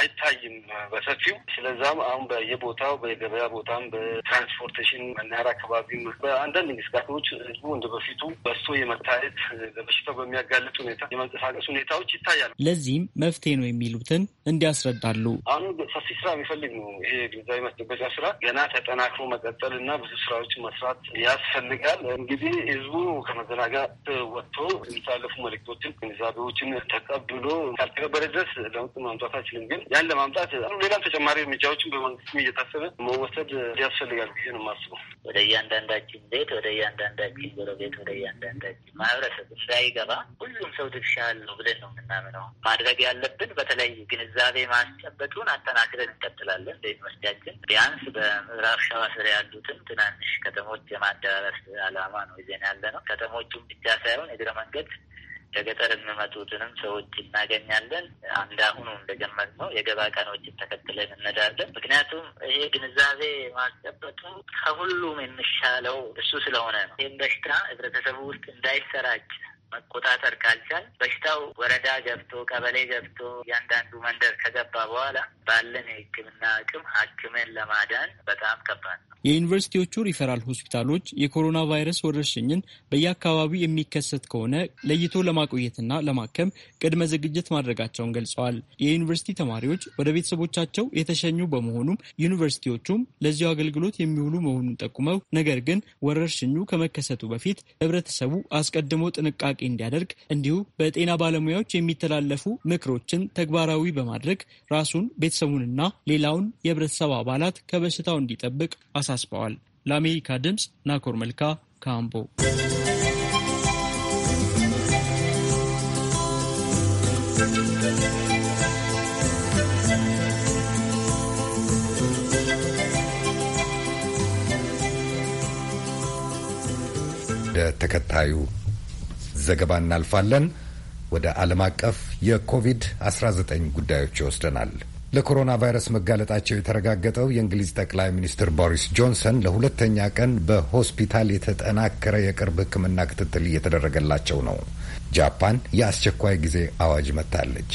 አይታይም በሰፊው። ስለዛም አሁን በየቦታው በገበያ ቦታም፣ በትራንስፖርቴሽን መናር አካባቢም በአንዳንድ እንቅስቃሴዎች ህዝቡ እንደ በፊቱ በሶ የመታየት በበሽታው በሚያጋልጥ ሁኔታ የመንቀሳቀስ ሁኔታዎች ይታያሉ። ለዚህም መፍትሄ ነው የሚሉትን እንዲያስረዳሉ። አሁን ሰፊ ስራ የሚፈልግ ነው። ይሄ ግንዛቤ ማስጨበጫ ስራ ገና ተጠናክሮ መቀጠል እና ብዙ ስራዎችን መስራት ያስፈልግ ያስፈልጋል። እንግዲህ ህዝቡ ከመዘናጋት ወጥቶ የሚተላለፉ መልእክቶችን፣ ግንዛቤዎችን ተቀብሎ ካልተቀበለ ድረስ ለውጥ ማምጣት አይችልም። ግን ያን ለማምጣት ሌላም ተጨማሪ እርምጃዎችን በመንግስትም እየታሰበ መወሰድ ያስፈልጋል ብዬ ነው የማስበው። ወደ እያንዳንዳችን ቤት፣ ወደ እያንዳንዳችን ጎረቤት፣ ወደ እያንዳንዳችን ማህበረሰብ እንዳይገባ ሁሉም ሰው ድርሻ አለው ብለን ነው የምናምነው። ማድረግ ያለብን በተለይ ግንዛቤ ማስጨበጡን አጠናክረን እንቀጥላለን። በዩኒቨርስቲያችን ቢያንስ በምዕራብ ሸዋ ስር ያሉትን ትናንሽ ከተሞች የማደራረስ አላማ ነው ይዘን ያለ ነው። ከተሞቹም ብቻ ሳይሆን እግረ መንገድ ከገጠር የሚመጡትንም ሰዎች እናገኛለን። አንድ አሁኑ እንደጀመር ነው የገባ ቀኖችን ተከትለን እንሄዳለን። ምክንያቱም ይሄ ግንዛቤ ማስጨበጡ ከሁሉም የሚሻለው እሱ ስለሆነ ነው። ይህም በሽታ ህብረተሰቡ ውስጥ እንዳይሰራጭ መቆጣጠር ካልቻል በሽታው ወረዳ ገብቶ ቀበሌ ገብቶ እያንዳንዱ መንደር ከገባ በኋላ ባለን የሕክምና አቅም ሐኪምን ለማዳን በጣም ከባድ ነው። የዩኒቨርሲቲዎቹ ሪፈራል ሆስፒታሎች የኮሮና ቫይረስ ወረርሽኝን በየአካባቢው የሚከሰት ከሆነ ለይቶ ለማቆየትና ለማከም ቅድመ ዝግጅት ማድረጋቸውን ገልጸዋል። የዩኒቨርሲቲ ተማሪዎች ወደ ቤተሰቦቻቸው የተሸኙ በመሆኑም ዩኒቨርሲቲዎቹም ለዚሁ አገልግሎት የሚውሉ መሆኑን ጠቁመው ነገር ግን ወረርሽኙ ከመከሰቱ በፊት ህብረተሰቡ አስቀድሞ ጥንቃቄ እንዲያደርግ እንዲሁ በጤና ባለሙያዎች የሚተላለፉ ምክሮችን ተግባራዊ በማድረግ ራሱን ቤተሰቡንና ሌላውን የህብረተሰብ አባላት ከበሽታው እንዲጠብቅ አሳስበዋል። ለአሜሪካ ድምፅ ናኮር መልካ ካምቦ ተከታዩ ዘገባ እናልፋለን። ወደ ዓለም አቀፍ የኮቪድ-19 ጉዳዮች ይወስደናል። ለኮሮና ቫይረስ መጋለጣቸው የተረጋገጠው የእንግሊዝ ጠቅላይ ሚኒስትር ቦሪስ ጆንሰን ለሁለተኛ ቀን በሆስፒታል የተጠናከረ የቅርብ ሕክምና ክትትል እየተደረገላቸው ነው። ጃፓን የአስቸኳይ ጊዜ አዋጅ መታለች።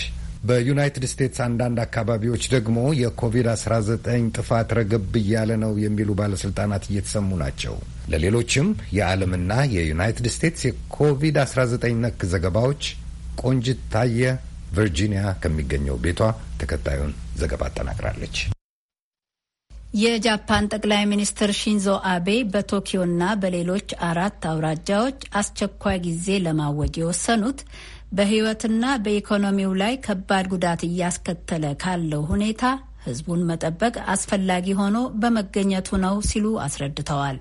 በዩናይትድ ስቴትስ አንዳንድ አካባቢዎች ደግሞ የኮቪድ-19 ጥፋት ረገብ እያለ ነው የሚሉ ባለስልጣናት እየተሰሙ ናቸው። ለሌሎችም የዓለምና የዩናይትድ ስቴትስ የኮቪድ-19 ነክ ዘገባዎች ቆንጅት ታየ ቨርጂኒያ ከሚገኘው ቤቷ ተከታዩን ዘገባ አጠናቅራለች። የጃፓን ጠቅላይ ሚኒስትር ሺንዞ አቤ በቶኪዮና በሌሎች አራት አውራጃዎች አስቸኳይ ጊዜ ለማወጅ የወሰኑት በህይወትና በኢኮኖሚው ላይ ከባድ ጉዳት እያስከተለ ካለው ሁኔታ ህዝቡን መጠበቅ አስፈላጊ ሆኖ በመገኘቱ ነው ሲሉ አስረድተዋል።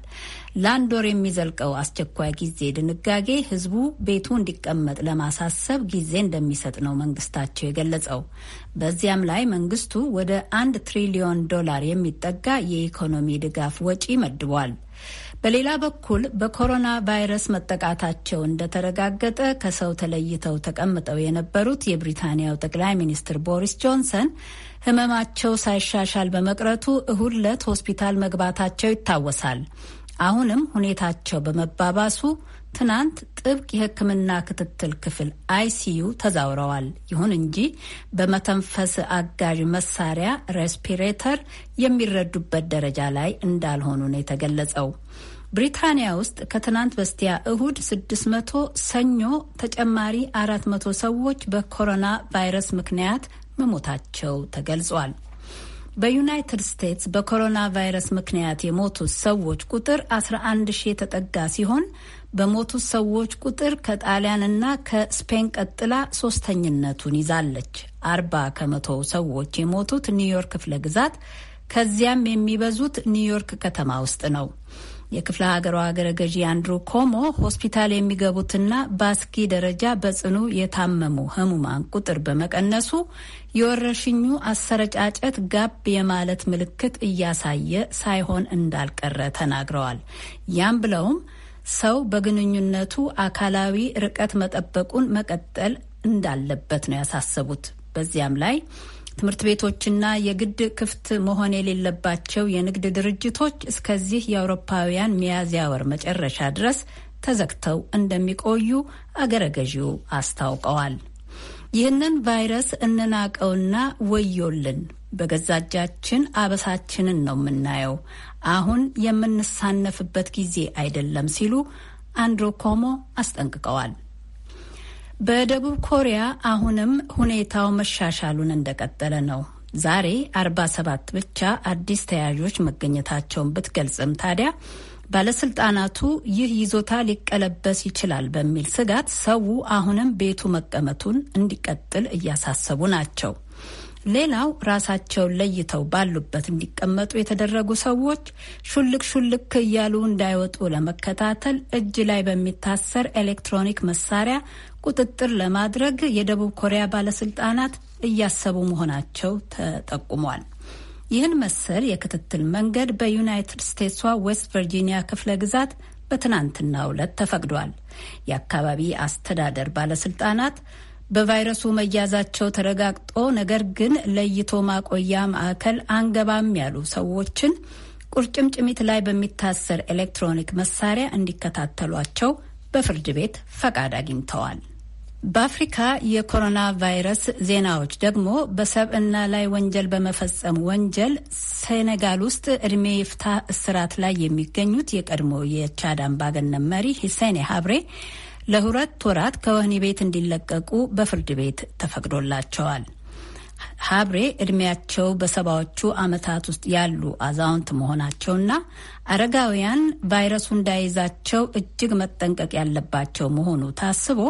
ለአንድ ወር የሚዘልቀው አስቸኳይ ጊዜ ድንጋጌ ህዝቡ ቤቱ እንዲቀመጥ ለማሳሰብ ጊዜ እንደሚሰጥ ነው መንግስታቸው የገለጸው። በዚያም ላይ መንግስቱ ወደ አንድ ትሪሊዮን ዶላር የሚጠጋ የኢኮኖሚ ድጋፍ ወጪ መድቧል። በሌላ በኩል በኮሮና ቫይረስ መጠቃታቸው እንደተረጋገጠ ከሰው ተለይተው ተቀምጠው የነበሩት የብሪታንያው ጠቅላይ ሚኒስትር ቦሪስ ጆንሰን ሕመማቸው ሳይሻሻል በመቅረቱ እሁድ ዕለት ሆስፒታል መግባታቸው ይታወሳል። አሁንም ሁኔታቸው በመባባሱ ትናንት ጥብቅ የሕክምና ክትትል ክፍል አይሲዩ ተዛውረዋል። ይሁን እንጂ በመተንፈስ አጋዥ መሳሪያ ሬስፒሬተር የሚረዱበት ደረጃ ላይ እንዳልሆኑ ነው የተገለጸው። ብሪታንያ ውስጥ ከትናንት በስቲያ እሁድ 600 ሰኞ ተጨማሪ 400 ሰዎች በኮሮና ቫይረስ ምክንያት መሞታቸው ተገልጿል። በዩናይትድ ስቴትስ በኮሮና ቫይረስ ምክንያት የሞቱ ሰዎች ቁጥር 11 ሺህ የተጠጋ ሲሆን በሞቱት ሰዎች ቁጥር ከጣሊያንና ከስፔን ቀጥላ ሶስተኝነቱን ይዛለች። አርባ ከመቶ ሰዎች የሞቱት ኒውዮርክ ክፍለ ግዛት ከዚያም የሚበዙት ኒውዮርክ ከተማ ውስጥ ነው። የክፍለ ሀገሯ አገረ ገዢ አንድሩ ኮሞ ሆስፒታል የሚገቡትና በአስጊ ደረጃ በጽኑ የታመሙ ህሙማን ቁጥር በመቀነሱ የወረርሽኙ አሰረጫጨት ጋብ የማለት ምልክት እያሳየ ሳይሆን እንዳልቀረ ተናግረዋል። ያም ብለውም ሰው በግንኙነቱ አካላዊ ርቀት መጠበቁን መቀጠል እንዳለበት ነው ያሳሰቡት። በዚያም ላይ ትምህርት ቤቶችና የግድ ክፍት መሆን የሌለባቸው የንግድ ድርጅቶች እስከዚህ የአውሮፓውያን ሚያዝያ ወር መጨረሻ ድረስ ተዘግተው እንደሚቆዩ አገረ ገዢው አስታውቀዋል። ይህንን ቫይረስ እንናቀውና ወዮልን፣ በገዛ እጃችን አበሳችንን ነው የምናየው። አሁን የምንሳነፍበት ጊዜ አይደለም ሲሉ አንድሮ ኮሞ አስጠንቅቀዋል። በደቡብ ኮሪያ አሁንም ሁኔታው መሻሻሉን እንደቀጠለ ነው። ዛሬ 47 ብቻ አዲስ ተያዦች መገኘታቸውን ብትገልጽም ታዲያ ባለስልጣናቱ ይህ ይዞታ ሊቀለበስ ይችላል በሚል ስጋት ሰው አሁንም ቤቱ መቀመጡን እንዲቀጥል እያሳሰቡ ናቸው። ሌላው ራሳቸውን ለይተው ባሉበት እንዲቀመጡ የተደረጉ ሰዎች ሹልክ ሹልክ እያሉ እንዳይወጡ ለመከታተል እጅ ላይ በሚታሰር ኤሌክትሮኒክ መሳሪያ ቁጥጥር ለማድረግ የደቡብ ኮሪያ ባለስልጣናት እያሰቡ መሆናቸው ተጠቁሟል። ይህን መሰል የክትትል መንገድ በዩናይትድ ስቴትሷ ዌስት ቨርጂኒያ ክፍለ ግዛት በትናንትናው ዕለት ተፈቅዷል። የአካባቢ አስተዳደር ባለስልጣናት በቫይረሱ መያዛቸው ተረጋግጦ ነገር ግን ለይቶ ማቆያ ማዕከል አንገባም ያሉ ሰዎችን ቁርጭምጭሚት ላይ በሚታሰር ኤሌክትሮኒክ መሳሪያ እንዲከታተሏቸው በፍርድ ቤት ፈቃድ አግኝተዋል። በአፍሪካ የኮሮና ቫይረስ ዜናዎች ደግሞ በሰብዕና ላይ ወንጀል በመፈጸም ወንጀል ሴኔጋል ውስጥ እድሜ ይፍታ እስራት ላይ የሚገኙት የቀድሞ የቻድ አምባገነን መሪ ሂሴኔ ሀብሬ ለሁለት ወራት ከወህኒ ቤት እንዲለቀቁ በፍርድ ቤት ተፈቅዶላቸዋል። ሀብሬ እድሜያቸው በሰባዎቹ ዓመታት ውስጥ ያሉ አዛውንት መሆናቸውና አረጋውያን ቫይረሱ እንዳይዛቸው እጅግ መጠንቀቅ ያለባቸው መሆኑ ታስቦ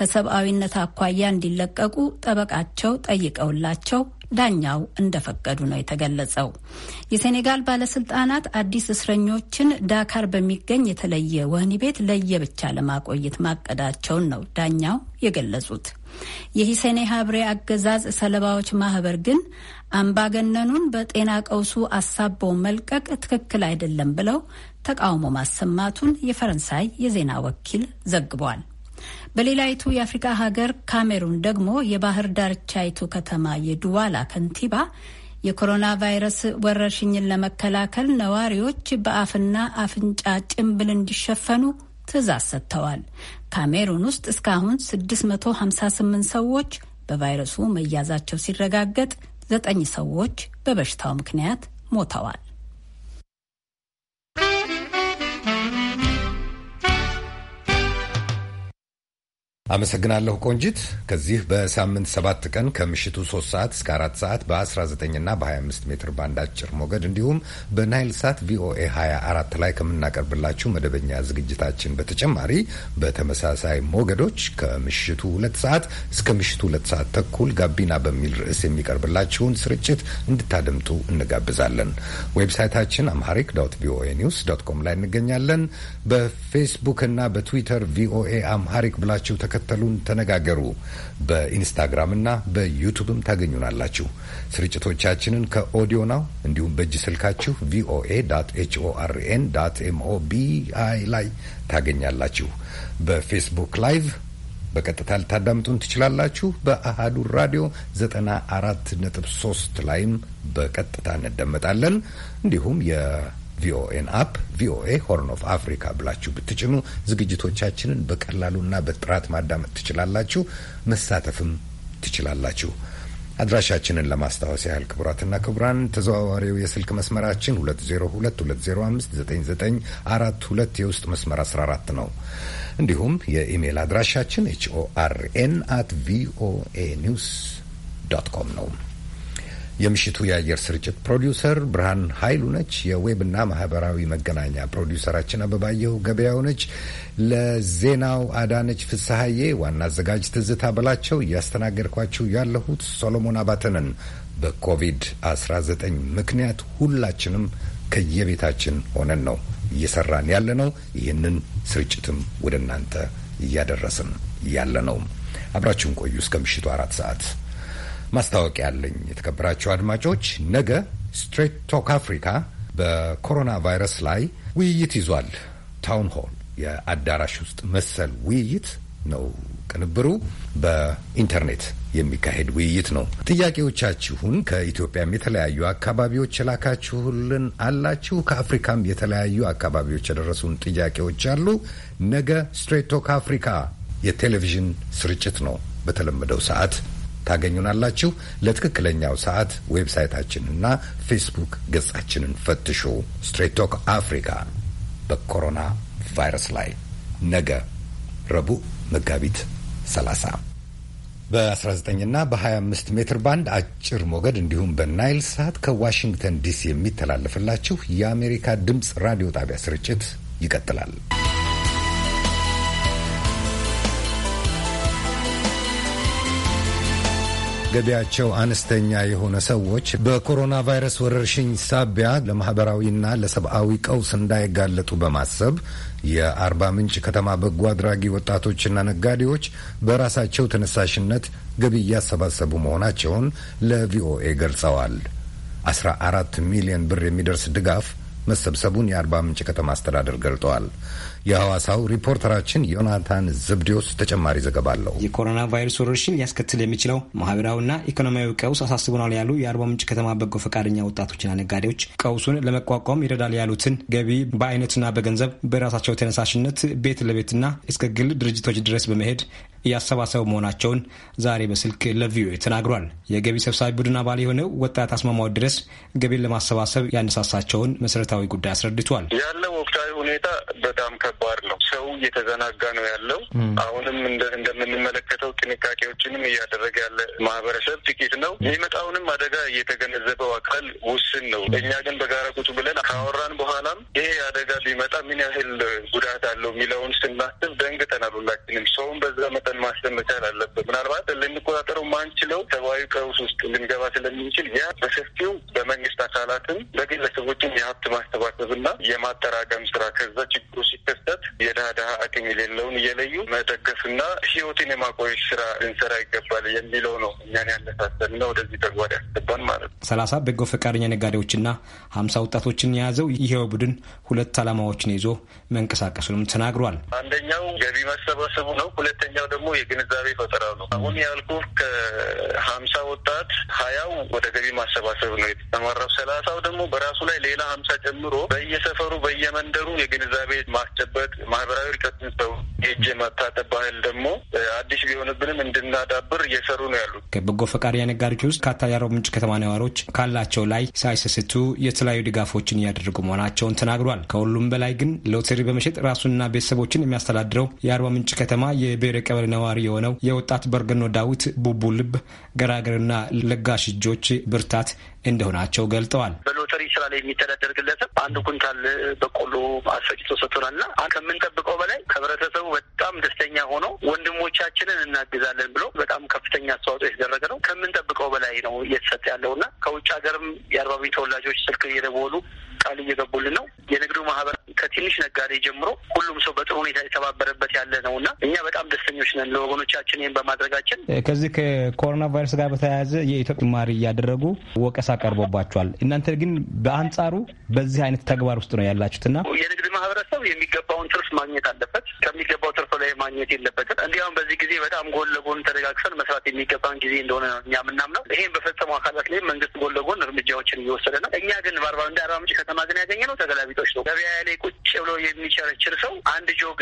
ከሰብአዊነት አኳያ እንዲለቀቁ ጠበቃቸው ጠይቀውላቸው ዳኛው እንደፈቀዱ ነው የተገለጸው። የሴኔጋል ባለስልጣናት አዲስ እስረኞችን ዳካር በሚገኝ የተለየ ወህኒ ቤት ለየብቻ ለማቆየት ማቀዳቸውን ነው ዳኛው የገለጹት። የሂሴኔ ሀብሬ አገዛዝ ሰለባዎች ማህበር ግን አምባገነኑን በጤና ቀውሱ አሳቦ መልቀቅ ትክክል አይደለም ብለው ተቃውሞ ማሰማቱን የፈረንሳይ የዜና ወኪል ዘግቧል። በሌላይቱ የአፍሪካ ሀገር ካሜሩን ደግሞ የባህር ዳርቻይቱ ከተማ የዱዋላ ከንቲባ የኮሮና ቫይረስ ወረርሽኝን ለመከላከል ነዋሪዎች በአፍና አፍንጫ ጭንብል እንዲሸፈኑ ትዕዛዝ ሰጥተዋል። ካሜሩን ውስጥ እስካሁን 658 ሰዎች በቫይረሱ መያዛቸው ሲረጋገጥ፣ ዘጠኝ ሰዎች በበሽታው ምክንያት ሞተዋል። አመሰግናለሁ ቆንጂት። ከዚህ በሳምንት ሰባት ቀን ከምሽቱ 3 ሰዓት እስከ 4 ሰዓት በ19 እና በ25 ሜትር ባንድ አጭር ሞገድ እንዲሁም በናይል ሳት ቪኦኤ 24 ላይ ከምናቀርብላችሁ መደበኛ ዝግጅታችን በተጨማሪ በተመሳሳይ ሞገዶች ከምሽቱ 2 ሰዓት እስከ ምሽቱ 2 ሰዓት ተኩል ጋቢና በሚል ርዕስ የሚቀርብላችሁን ስርጭት እንድታደምጡ እንጋብዛለን። ዌብሳይታችን አምሃሪክ ዶት ቪኦኤ ኒውስ ዶት ኮም ላይ እንገኛለን። በፌስቡክ እና በትዊተር ቪኦኤ አምሃሪክ ብላችሁ ተከ እንድትከተሉን ተነጋገሩ። በኢንስታግራምና በዩቱብም ታገኙናላችሁ። ስርጭቶቻችንን ከኦዲዮ ናው እንዲሁም በእጅ ስልካችሁ ቪኦኤ ኤችኦአርኤን ኤምኦቢአይ ላይ ታገኛላችሁ። በፌስቡክ ላይቭ በቀጥታ ልታዳምጡን ትችላላችሁ። በአሃዱ ራዲዮ 94.3 ላይም በቀጥታ እንደመጣለን። እንዲሁም የ ቪኦኤን አፕ ቪኦኤ ሆርን ኦፍ አፍሪካ ብላችሁ ብትጭኑ ዝግጅቶቻችንን በቀላሉና በጥራት ማዳመጥ ትችላላችሁ፣ መሳተፍም ትችላላችሁ። አድራሻችንን ለማስታወስ ያህል ክቡራትና ክቡራን ተዘዋዋሪው የስልክ መስመራችን 2022059942 የውስጥ መስመር 14 ነው። እንዲሁም የኢሜይል አድራሻችን ኤችኦአርኤን አት ቪኦኤ ኒውስ ዶት ኮም ነው። የምሽቱ የአየር ስርጭት ፕሮዲውሰር ብርሃን ኃይሉ ነች። የዌብና ማህበራዊ መገናኛ ፕሮዲውሰራችን አበባየሁ ገበያው ነች። ለዜናው አዳነች ፍስሐዬ፣ ዋና አዘጋጅ ትዝታ በላቸው፣ እያስተናገድኳችሁ ያለሁት ሶሎሞን አባተንን። በኮቪድ-19 ምክንያት ሁላችንም ከየቤታችን ሆነን ነው እየሰራን ያለ ነው። ይህንን ስርጭትም ወደ እናንተ እያደረስን ያለ ነው። አብራችሁን ቆዩ እስከ ምሽቱ አራት ሰዓት ማስታወቂያ አለኝ። የተከበራቸው አድማጮች፣ ነገ ስትሬት ቶክ አፍሪካ በኮሮና ቫይረስ ላይ ውይይት ይዟል። ታውን ሆል የአዳራሽ ውስጥ መሰል ውይይት ነው። ቅንብሩ በኢንተርኔት የሚካሄድ ውይይት ነው። ጥያቄዎቻችሁን ከኢትዮጵያም የተለያዩ አካባቢዎች የላካችሁልን አላችሁ። ከአፍሪካም የተለያዩ አካባቢዎች የደረሱን ጥያቄዎች አሉ። ነገ ስትሬት ቶክ አፍሪካ የቴሌቪዥን ስርጭት ነው በተለመደው ሰዓት ታገኙናላችሁ። ለትክክለኛው ሰዓት ዌብሳይታችንና ፌስቡክ ገጻችንን ፈትሹ። ስትሬት ቶክ አፍሪካ በኮሮና ቫይረስ ላይ ነገ ረቡዕ መጋቢት 30 በ19 ና በ25 ሜትር ባንድ አጭር ሞገድ እንዲሁም በናይል ሳት ከዋሽንግተን ዲሲ የሚተላለፍላችሁ የአሜሪካ ድምፅ ራዲዮ ጣቢያ ስርጭት ይቀጥላል። ገቢያቸው አነስተኛ የሆነ ሰዎች በኮሮና ቫይረስ ወረርሽኝ ሳቢያ ለማህበራዊና ለሰብአዊ ቀውስ እንዳይጋለጡ በማሰብ የአርባ ምንጭ ከተማ በጎ አድራጊ ወጣቶችና ነጋዴዎች በራሳቸው ተነሳሽነት ገቢ እያሰባሰቡ መሆናቸውን ለቪኦኤ ገልጸዋል። አስራ አራት ሚሊዮን ብር የሚደርስ ድጋፍ መሰብሰቡን የአርባ ምንጭ ከተማ አስተዳደር ገልጠዋል። የሐዋሳው ሪፖርተራችን ዮናታን ዘብዴዎስ ተጨማሪ ዘገባ አለው። የኮሮና ቫይረስ ወረርሽኝ ሊያስከትል የሚችለው ማህበራዊና ኢኮኖሚያዊ ቀውስ አሳስቦናል ያሉ የአርባ ምንጭ ከተማ በጎ ፈቃደኛ ወጣቶችና ነጋዴዎች ቀውሱን ለመቋቋም ይረዳል ያሉትን ገቢ በአይነትና በገንዘብ በራሳቸው ተነሳሽነት ቤት ለቤትና እስከ ግል ድርጅቶች ድረስ በመሄድ እያሰባሰቡ መሆናቸውን ዛሬ በስልክ ለቪኦኤ ተናግሯል። የገቢ ሰብሳቢ ቡድን አባል የሆነው ወጣት አስማማው ድረስ ገቢን ለማሰባሰብ ያነሳሳቸውን መሰረታዊ ጉዳይ አስረድቷል። ያለው ወቅት ሁኔታ በጣም ከባድ ነው። ሰው እየተዘናጋ ነው ያለው። አሁንም እንደምንመለከተው ጥንቃቄዎችንም እያደረገ ያለ ማህበረሰብ ጥቂት ነው። የሚመጣውንም አደጋ እየተገነዘበው አካል ውስን ነው። እኛ ግን በጋራ ቁጭ ብለን ካወራን በኋላም ይሄ አደጋ ቢመጣ ምን ያህል ጉዳት አለው የሚለውን ስናስብ ደንግጠናል። ሁላችንም ሰውን በዛ መጠን ማሰብ መቻል አለበት። ምናልባት ልንቆጣጠረው ማንችለው ሰብአዊ ቀውስ ውስጥ ልንገባ ስለምንችል ያ በሰፊው በመንግስት አካላትም በግለሰቦችም የሀብት ማሰባሰብና የማጠራቀም ስራ ከዛ ችግሩ ሲከሰት የድሀ ድሀ አቅም የሌለውን እየለዩ መደገፍና ህይወትን የማቆየት ስራ ልንሰራ ይገባል የሚለው ነው እኛን ያነሳሰንና ወደዚህ ተግባር ያስገባን ማለት ነው። ሰላሳ በጎ ፈቃደኛ ነጋዴዎችና ሀምሳ ወጣቶችን የያዘው ይሄው ቡድን ሁለት አላማዎችን ይዞ መንቀሳቀሱንም ተናግሯል። አንደኛው ገቢ መሰባሰቡ ነው። ሁለተኛው ደግሞ የግንዛቤ ፈጠራ ነው። አሁን ያልኩ ከሀምሳ ወጣት ሀያው ወደ ገቢ ማሰባሰብ ነው የተሰማራው። ሰላሳው ደግሞ በራሱ ላይ ሌላ ሀምሳ ጨምሮ በየሰፈሩ በየመንደሩ የግንዛቤ ማስጨበጥ ማህበራዊ ርቀትን ሰው ሄጄ መታጠብ ባህል ደግሞ አዲስ ቢሆንብንም እንድናዳብር እየሰሩ ነው ያሉት ከበጎ ፈቃድ ነጋዴዎች ውስጥ በርካታ የአርባ ምንጭ ከተማ ነዋሪዎች ካላቸው ላይ ሳይሰስቱ የተለያዩ ድጋፎችን እያደረጉ መሆናቸውን ተናግሯል። ከሁሉም በላይ ግን ሎተሪ በመሸጥ ራሱንና ቤተሰቦችን የሚያስተዳድረው የአርባ ምንጭ ከተማ የብሔረ ቀበሌ ነዋሪ የሆነው የወጣት በርገኖ ዳዊት ቡቡ ልብ ገራገርና ለጋሽ እጆች ብርታት እንደሆናቸው ገልጠዋል። በሎተሪ ስራ ላይ የሚተዳደር ግለሰብ አንድ ኩንታል በቆሎ አስፈጭቶ ሰጥቶናል ከምንጠብቀው በላይ ከህብረተሰቡ በጣም ደስተኛ ሆኖ ወንድሞቻችንን እናግዛለን ብሎ በጣም ከፍተኛ አስተዋጽኦ የተደረገ ነው። ከምንጠብቀው በላይ ነው እየተሰጠ ያለው ከውጭ ሀገርም የአርባቢ ተወላጆች ስልክ እየደወሉ ቃል እየገቡልን ነው። ከትንሽ ነጋዴ ጀምሮ ሁሉም ሰው በጥሩ ሁኔታ የተባበረበት ያለ ነው እና እኛ በጣም ደስተኞች ነን ለወገኖቻችን ይህን በማድረጋችን። ከዚህ ከኮሮና ቫይረስ ጋር በተያያዘ የኢትዮጵያ ማሪ እያደረጉ ወቀሳ ቀርቦባቸዋል። እናንተ ግን በአንጻሩ በዚህ አይነት ተግባር ውስጥ ነው ያላችሁትና የንግድ ማህበረሰብ የሚገባውን ትርፍ ማግኘት አለበት፣ ከሚገባው ትርፍ ላይ ማግኘት የለበትም። እንዲያውም በዚህ ጊዜ በጣም ጎን ለጎን ተደጋግፈን መስራት የሚገባን ጊዜ እንደሆነ ነው እኛ የምናምነው። ይሄን በፈጸሙ አካላት ላይ መንግስት ጎን ለጎን እርምጃዎችን እየወሰደ ነው። እኛ ግን በአርባ እንደ አርባ ምንጭ ከተማ ግን ያገኘ ነው ተገላቢጦች ነው። ገበያ ላይ ቁጭ ቁጭ ብሎ የሚቸረችር ሰው አንድ ጆግ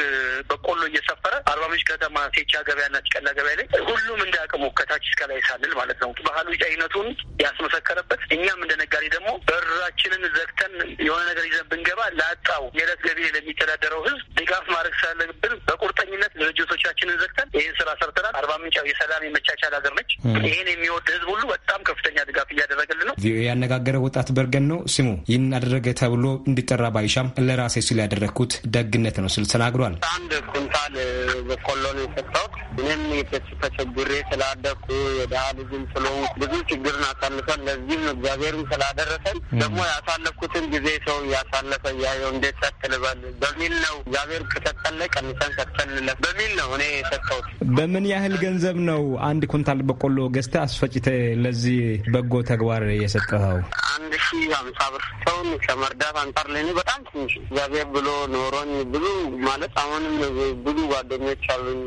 በቆሎ እየሰፈረ አርባ ምንጭ ከተማ ሴቻ ገበያና ጭቀላ ገበያ ላይ ሁሉም እንደ አቅሙ ከታች እስከ ላይ ሳልል ማለት ነው ባህሉ ጫይነቱን ያስመሰከረበት እኛም እንደ ነጋዴ ደግሞ በራችንን ዘግተን የሆነ ነገር ይዘን ብንገባ ላጣው የዕለት ገቢ ለሚተዳደረው ህዝብ ድጋፍ ማድረግ ስላለብን በቁርጠኝነት ድርጅቶቻችንን ዘግተን ይህን ስራ ሰርተናል። አርባ ምንጫው የሰላም የመቻቻል ሀገር ነች። ይህን የሚወድ ህዝብ ሁሉ በጣም ከፍተኛ ድጋፍ እያደረገልን ነው። ያነጋገረ ወጣት በርገን ነው ስሙ። ይህን አደረገ ተብሎ እንዲጠራ ባይሻም ለራሴ ስል ያደረግኩት ደግነት ነው ስል ተናግሯል። አንድ ኩንታል በቆሎ ነው የሰጠሁት። እኔም ተቸግሬ ስላደኩ የድሃ ልጅም ስለሆንኩ ብዙ ችግርን አሳልፈን ለዚህም እግዚአብሔርም ስላደረሰን ደግሞ ያሳለፍኩትን ጊዜ ሰው እያሳለፈ እያየው እንዴት ሰጥ ልበል በሚል ነው እግዚአብሔር ከሰጠን ላይ ቀንሰን ሰጥተን በሚል ነው እኔ የሰጠሁት። በምን ያህል ገንዘብ ነው አንድ ኩንታል በቆሎ ገዝተ አስፈጭተ ለዚህ በጎ ተግባር የሰጠኸው? አንድ ሺ ሀምሳ ብር ሰውን ከመርዳት አንጻር ለእኔ በጣም ትንሽ እግዚአብሔር ብሎ ኖሮኝ ብዙ ማለት አሁንም ብዙ ጓደኞች አሉኝ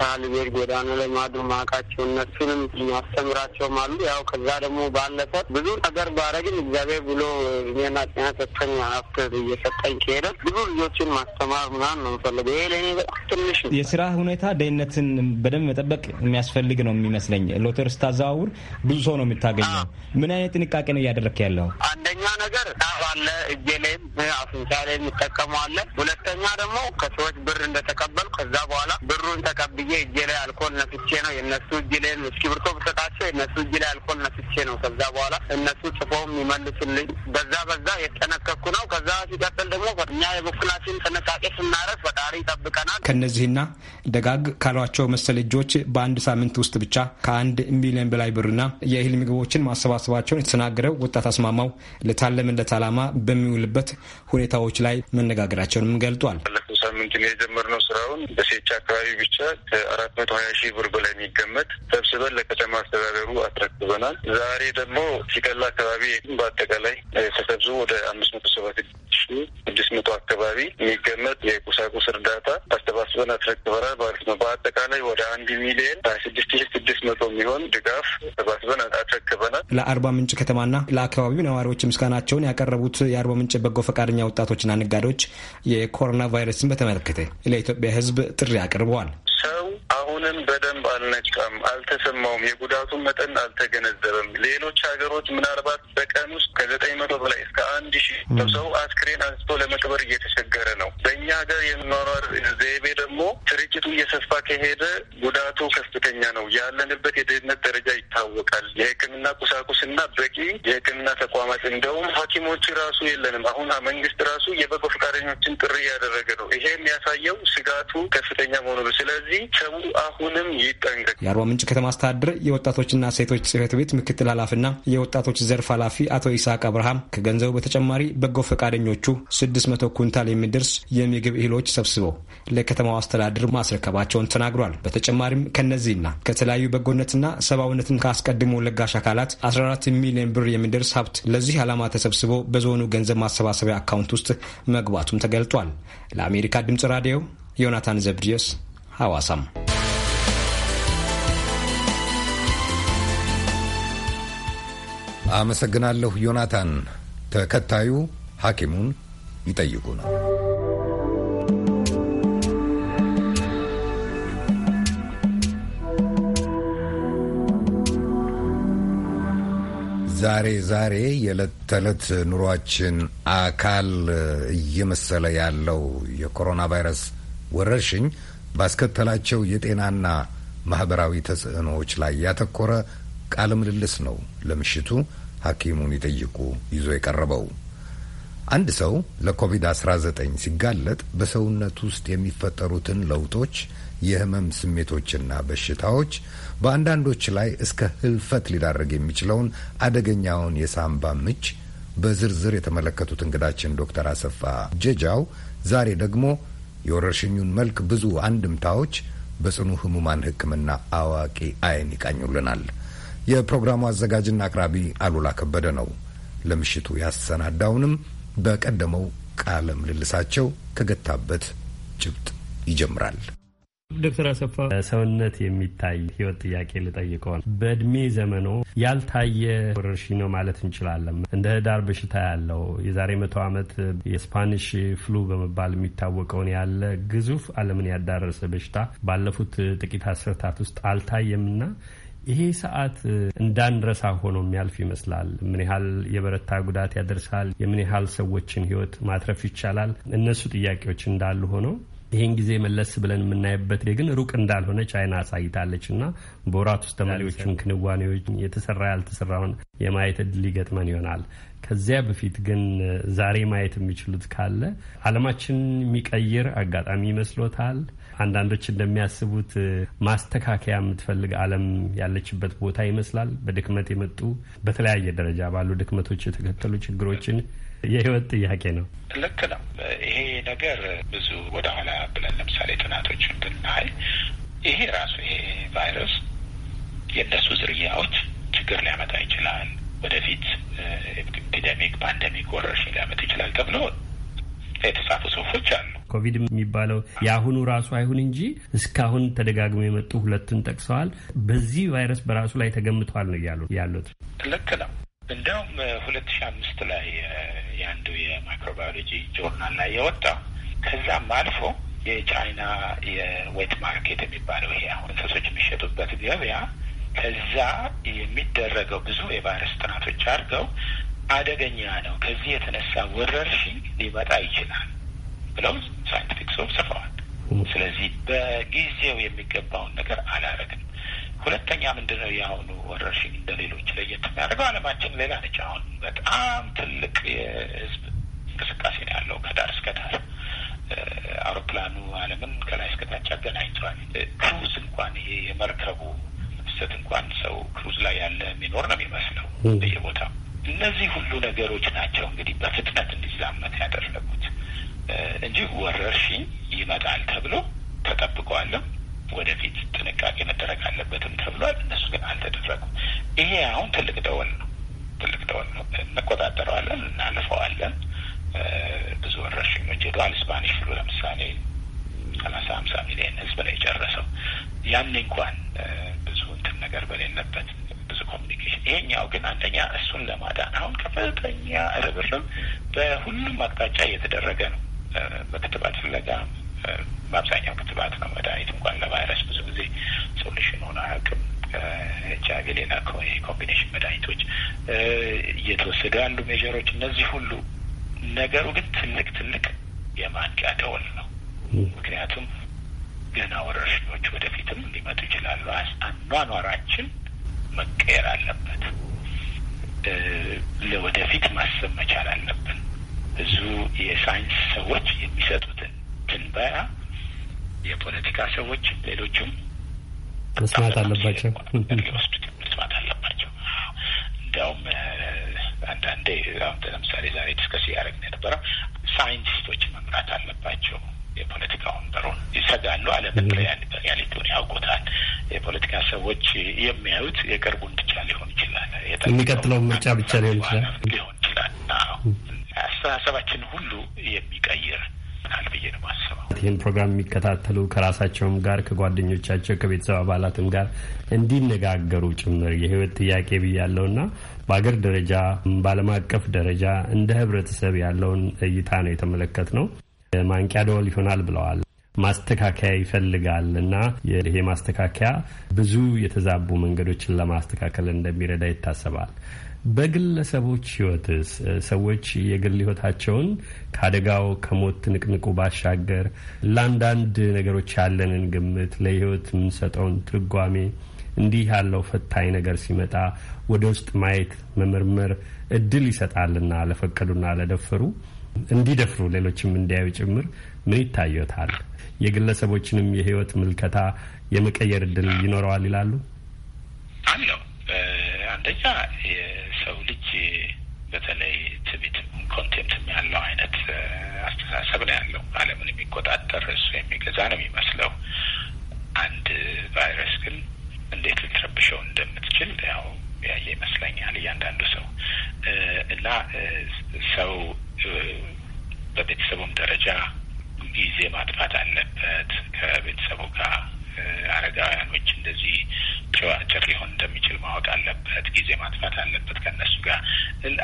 ሳህል ቤት ጎዳና ላይ ማዱ ማቃቸው እነሱንም ማስተምራቸውም አሉ። ያው ከዛ ደግሞ ባለፈ ብዙ ነገር ባረግን እግዚአብሔር ብሎ እኔና ጤና ሰጠኝ፣ ሀብት እየሰጠኝ ከሄደ ብዙ ልጆችን ማስተማር ምናምን ነው የምፈልገው። ይሄ ለእኔ በጣም ትንሽ ነው። የስራ ሁኔታ ደህንነትን በደንብ መጠበቅ የሚያስፈልግ ነው የሚመስለኝ። ሎተር ስታዘዋውር ብዙ ሰው ነው የምታገኘው። ምን አይነት ጥንቃቄ ነው እያደረግ ያለው? አንደኛ ነገር አለ እጄ ላይም አፍንጫ ላይ የሚጠቀመዋለን። ሁለተኛ ደግሞ ከሰዎች ብር እንደተቀበሉ ከዛ በኋላ ብሩን ተቀብዬ ብዬ እጄ ላይ አልኮል ነፍቼ ነው የእነሱ እጅ ላይ እስክሪብቶ ብሰጣቸው የእነሱ እጅ ላይ አልኮል ነፍቼ ነው። ከዛ በኋላ እነሱ ጽፎም የሚመልሱልኝ በዛ በዛ የተነከኩ ነው። ከዛ ሲቀጥል ደግሞ እኛ የበኩላችን ጥንቃቄ ስናረግ ፈጣሪ ይጠብቀናል። ከእነዚህና ደጋግ ካሏቸው መሰል እጆች በአንድ ሳምንት ውስጥ ብቻ ከአንድ ሚሊዮን በላይ ብርና የእህል ምግቦችን ማሰባሰባቸውን የተናገረው ወጣት አስማማው ለታለምለት ዓላማ በሚውልበት ሁኔታዎች ላይ መነጋገራቸውንም ገልጧል። ባለፈው ሳምንት ነው የጀመርነው ስራውን በሴቻ አካባቢ ብቻ አራት መቶ ሀያ ሺህ ብር በላይ የሚገመት ሰብስበን ለከተማ አስተዳደሩ አስረክበናል። ዛሬ ደግሞ ሲቀላ አካባቢ በአጠቃላይ ተሰብስቦ ወደ አምስት መቶ ሰባት ስድስት መቶ አካባቢ የሚገመት የቁሳቁስ እርዳታ አስተባስበን አስረክበናል ማለት ነው። በአጠቃላይ ወደ አንድ ሚሊየን ሀያ ስድስት ሺ ስድስት መቶ የሚሆን ድጋፍ አስተባስበን አስረክበናል። ለአርባ ምንጭ ከተማና ለአካባቢው ነዋሪዎች ምስጋናቸውን ያቀረቡት የአርባ ምንጭ በጎ ፈቃደኛ ወጣቶችና ነጋዴዎች የኮሮና ቫይረስን በተመለከተ ለኢትዮጵያ ሕዝብ ጥሪ አቅርበዋል። ሰው አሁንም በደንብ አልነቃም፣ አልተሰማውም፣ የጉዳቱን መጠን አልተገነዘበም። ሌሎች ሀገሮች ምናልባት በቀን ውስጥ ከዘጠኝ መቶ በላይ እስከ አንድ ሺህ ሰው አስክሬን አንስቶ ለመቅበር እየተቸገረ ነው። በእኛ ሀገር የመኗኗር ዘይቤ ደግሞ ስርጭቱ እየሰፋ ከሄደ ጉዳቱ ከፍተኛ ነው። ያለንበት የድህነት ደረጃ ይታወቃል። የህክምና ቁሳቁስና በቂ የህክምና ተቋማት እንደውም ሐኪሞች ራሱ የለንም። አሁን መንግስት ራሱ የበጎ ፈቃደኞችን ጥሪ እያደረገ ነው። ይሄ የሚያሳየው ስጋቱ ከፍተኛ መሆኑ ነው። ስለዚህ ስለዚህ ሰው አሁንም ይጠንቀቅ። የአርባ ምንጭ ከተማ አስተዳደር የወጣቶችና ሴቶች ጽህፈት ቤት ምክትል ኃላፊና የወጣቶች ዘርፍ ኃላፊ አቶ ይስሐቅ አብርሃም ከገንዘቡ በተጨማሪ በጎ ፈቃደኞቹ ስድስት መቶ ኩንታል የሚደርስ የምግብ እህሎች ሰብስበው ለከተማው አስተዳደር ማስረከባቸውን ተናግሯል። በተጨማሪም ከነዚህና ከተለያዩ በጎነትና ሰብአዊነትን ካስቀድሞ ለጋሽ አካላት 14 ሚሊዮን ብር የሚደርስ ሀብት ለዚህ ዓላማ ተሰብስቦ በዞኑ ገንዘብ ማሰባሰቢያ አካውንት ውስጥ መግባቱም ተገልጧል። ለአሜሪካ ድምጽ ራዲዮ ዮናታን ዘብድዮስ ሐዋሳም አመሰግናለሁ ዮናታን። ተከታዩ ሐኪሙን ይጠይቁ ነው። ዛሬ ዛሬ የዕለት ተዕለት ኑሯችን አካል እየመሰለ ያለው የኮሮና ቫይረስ ወረርሽኝ ባስከተላቸው የጤናና ማህበራዊ ተጽዕኖዎች ላይ ያተኮረ ቃለ ምልልስ ነው ለምሽቱ ሐኪሙን ይጠይቁ ይዞ የቀረበው። አንድ ሰው ለኮቪድ-19 ሲጋለጥ በሰውነት ውስጥ የሚፈጠሩትን ለውጦች፣ የህመም ስሜቶችና በሽታዎች በአንዳንዶች ላይ እስከ ህልፈት ሊዳረግ የሚችለውን አደገኛውን የሳምባ ምች በዝርዝር የተመለከቱት እንግዳችን ዶክተር አሰፋ ጀጃው ዛሬ ደግሞ የወረርሽኙን መልክ ብዙ አንድምታዎች በጽኑ ህሙማን ሕክምና አዋቂ አይን ይቃኙልናል። የፕሮግራሙ አዘጋጅና አቅራቢ አሉላ ከበደ ነው። ለምሽቱ ያሰናዳውንም በቀደመው ቃለ ምልልሳቸው ከገታበት ጭብጥ ይጀምራል። ዶክተር አሰፋ ሰውነት የሚታይ ህይወት ጥያቄ ልጠይቀው በእድሜ ዘመኖ ያልታየ ወረርሽኝ ነው ማለት እንችላለን። እንደ ህዳር በሽታ ያለው የዛሬ መቶ ዓመት የስፓኒሽ ፍሉ በመባል የሚታወቀውን ያለ ግዙፍ ዓለምን ያዳረሰ በሽታ ባለፉት ጥቂት አስርታት ውስጥ አልታየምና ይሄ ሰዓት እንዳንረሳ ሆኖ የሚያልፍ ይመስላል። ምን ያህል የበረታ ጉዳት ያደርሳል? የምን ያህል ሰዎችን ህይወት ማትረፍ ይቻላል? እነሱ ጥያቄዎች እንዳሉ ሆነው ይህን ጊዜ መለስ ብለን የምናይበት ግን ሩቅ እንዳልሆነ ቻይና አሳይታለች እና በወራት ውስጥ ተማሪዎችን ክንዋኔዎች የተሰራ ያልተሰራውን የማየት እድል ይገጥመን ይሆናል። ከዚያ በፊት ግን ዛሬ ማየት የሚችሉት ካለ አለማችን የሚቀይር አጋጣሚ ይመስሎታል? አንዳንዶች እንደሚያስቡት ማስተካከያ የምትፈልግ አለም ያለችበት ቦታ ይመስላል። በድክመት የመጡ በተለያየ ደረጃ ባሉ ድክመቶች የተከተሉ ችግሮችን የህይወት ጥያቄ ነው። ልክ ነው። ይሄ ነገር ብዙ ወደኋላ ብለን ለምሳሌ ጥናቶችን ብናይ ይሄ ራሱ ይሄ ቫይረስ የእነሱ ዝርያዎች ችግር ሊያመጣ ይችላል፣ ወደፊት ኤፒደሚክ ፓንደሚክ ወረርሽኝ ሊያመጣ ይችላል ተብሎ የተጻፉ ጽሁፎች አሉ። ኮቪድ የሚባለው የአሁኑ ራሱ አይሁን እንጂ እስካሁን ተደጋግሞ የመጡ ሁለቱን ጠቅሰዋል። በዚህ ቫይረስ በራሱ ላይ ተገምቷል ነው እያሉ ያሉት። ልክ ነው። እንዲያውም ሁለት ሺ አምስት ላይ የአንዱ የማይክሮባዮሎጂ ጆርናል ላይ የወጣው ከዛም አልፎ የቻይና የዌት ማርኬት የሚባለው ይሄ አሁን እንስሶች የሚሸጡበት ገበያ ከዛ የሚደረገው ብዙ የቫይረስ ጥናቶች አድርገው አደገኛ ነው፣ ከዚህ የተነሳ ወረርሽኝ ሊመጣ ይችላል ብለው ሳይንቲፊክ ሰው ጽፈዋል። ስለዚህ በጊዜው የሚገባውን ነገር አላረግም። ሁለተኛ ምንድን ነው የአሁኑ ወረርሽኝ እንደሌሎች ለየት የሚያደርገው አለማችን ሌላ ነች። አሁን በጣም ትልቅ የህዝብ እንቅስቃሴ ነው ያለው ከዳር እስከ ዳር አውሮፕላኑ አለምን ከላይ እስከታች አገናኝቷል። ክሩዝ እንኳን ይሄ የመርከቡ ምስት እንኳን ሰው ክሩዝ ላይ ያለ የሚኖር ነው የሚመስለው በየቦታው። እነዚህ ሁሉ ነገሮች ናቸው እንግዲህ በፍጥነት እንዲዛመት ያደረጉት እንጂ ወረርሽኝ ይመጣል ተብሎ ተጠብቀዋለም ወደፊት ጥንቃቄ መደረግ አለበትም ተብሏል። እነሱ ግን አልተደረጉም። ይሄ አሁን ትልቅ ደወል ነው፣ ትልቅ ደወል ነው። እንቆጣጠረዋለን፣ እናልፈዋለን። ብዙ ወረርሽኞች ሄደዋል። ስፓኒሽ ፍሉ ለምሳሌ ሰላሳ ሀምሳ ሚሊዮን ህዝብ ላይ የጨረሰው ያን እንኳን ብዙ እንትን ነገር በሌለበት ብዙ ኮሚኒኬሽን። ይሄኛው ግን አንደኛ እሱን ለማዳን አሁን ከፍተኛ ርብርብ በሁሉም አቅጣጫ እየተደረገ ነው። በክትባት ፍለጋ በአብዛኛው ክትባት ነው። መድኃኒት እንኳን ለቫይረስ ብዙ ጊዜ ሶሉሽን ሆነ አያውቅም። ከኤች አይቪ ሌላ የኮምቢኔሽን መድኃኒቶች እየተወሰደ ያሉ ሜዥሮች፣ እነዚህ ሁሉ ነገሩ ግን ትልቅ ትልቅ የማንቂያ ደወል ነው። ምክንያቱም ገና ወረርሽኞች ወደፊትም ሊመጡ ይችላሉ። አኗኗራችን መቀየር አለበት። ለወደፊት ማሰብ መቻል አለብን። ብዙ የሳይንስ ሰዎች የሚሰጡትን ትንበያ የፖለቲካ ሰዎች ሌሎቹም መስማት አለባቸው መስማት አለባቸው። እንዲያውም አንዳንዴ ለምሳሌ ዛሬ ዲስከስ እያደረግን የነበረው ሳይንቲስቶች መምራት አለባቸው። የፖለቲካ ወንበሩን ይሰጋሉ። ዓለምን ያሊቱን ያውቁታል። የፖለቲካ ሰዎች የሚያዩት የቅርቡን ብቻ ሊሆን ይችላል። የሚቀጥለው ምርጫ ብቻ ሊሆን ይችላል ሊሆን ይችላል አስተሳሰባችን ሁሉ የሚቀይር ይሆናል ብዬ ነው ማስበው። ይህን ፕሮግራም የሚከታተሉ ከራሳቸውም ጋር ከጓደኞቻቸው ከቤተሰብ አባላትም ጋር እንዲነጋገሩ ጭምር የህይወት ጥያቄ ያለውና በአገር ደረጃ በዓለም አቀፍ ደረጃ እንደ ህብረተሰብ ያለውን እይታ ነው የተመለከት ነው። ማንቂያ ደወል ይሆናል ብለዋል። ማስተካከያ ይፈልጋል እና ይሄ ማስተካከያ ብዙ የተዛቡ መንገዶችን ለማስተካከል እንደሚረዳ ይታሰባል። በግለሰቦች ህይወትስ ሰዎች የግል ህይወታቸውን ከአደጋው ከሞት ትንቅንቁ ባሻገር ለአንዳንድ ነገሮች ያለንን ግምት ለህይወት የምንሰጠውን ትርጓሜ እንዲህ ያለው ፈታኝ ነገር ሲመጣ ወደ ውስጥ ማየት መመርመር እድል ይሰጣልና ለፈቀዱና ለደፈሩ እንዲደፍሩ ሌሎችም እንዲያዩ ጭምር ምን ይታየታል? የግለሰቦችንም የህይወት ምልከታ የመቀየር እድል ይኖረዋል ይላሉ አለው አንደኛ የሰው ልጅ በተለይ ትቢት ኮንቴምት ያለው አይነት አስተሳሰብ ነው ያለው። ዓለምን የሚቆጣጠር እሱ የሚገዛ ነው የሚመስለው። አንድ ቫይረስ ግን እንዴት ልትረብሸው እንደምትችል ያው ያየ ይመስለኛል እያንዳንዱ ሰው እና ሰው በቤተሰቡም ደረጃ ጊዜ ማጥፋት አለበት ከቤተሰቡ ጋር አረጋውያኖች እንደዚህ ጨዋጭር ሊሆን እንደሚችል ማወቅ አለበት። ጊዜ ማጥፋት አለበት ከነሱ ጋር።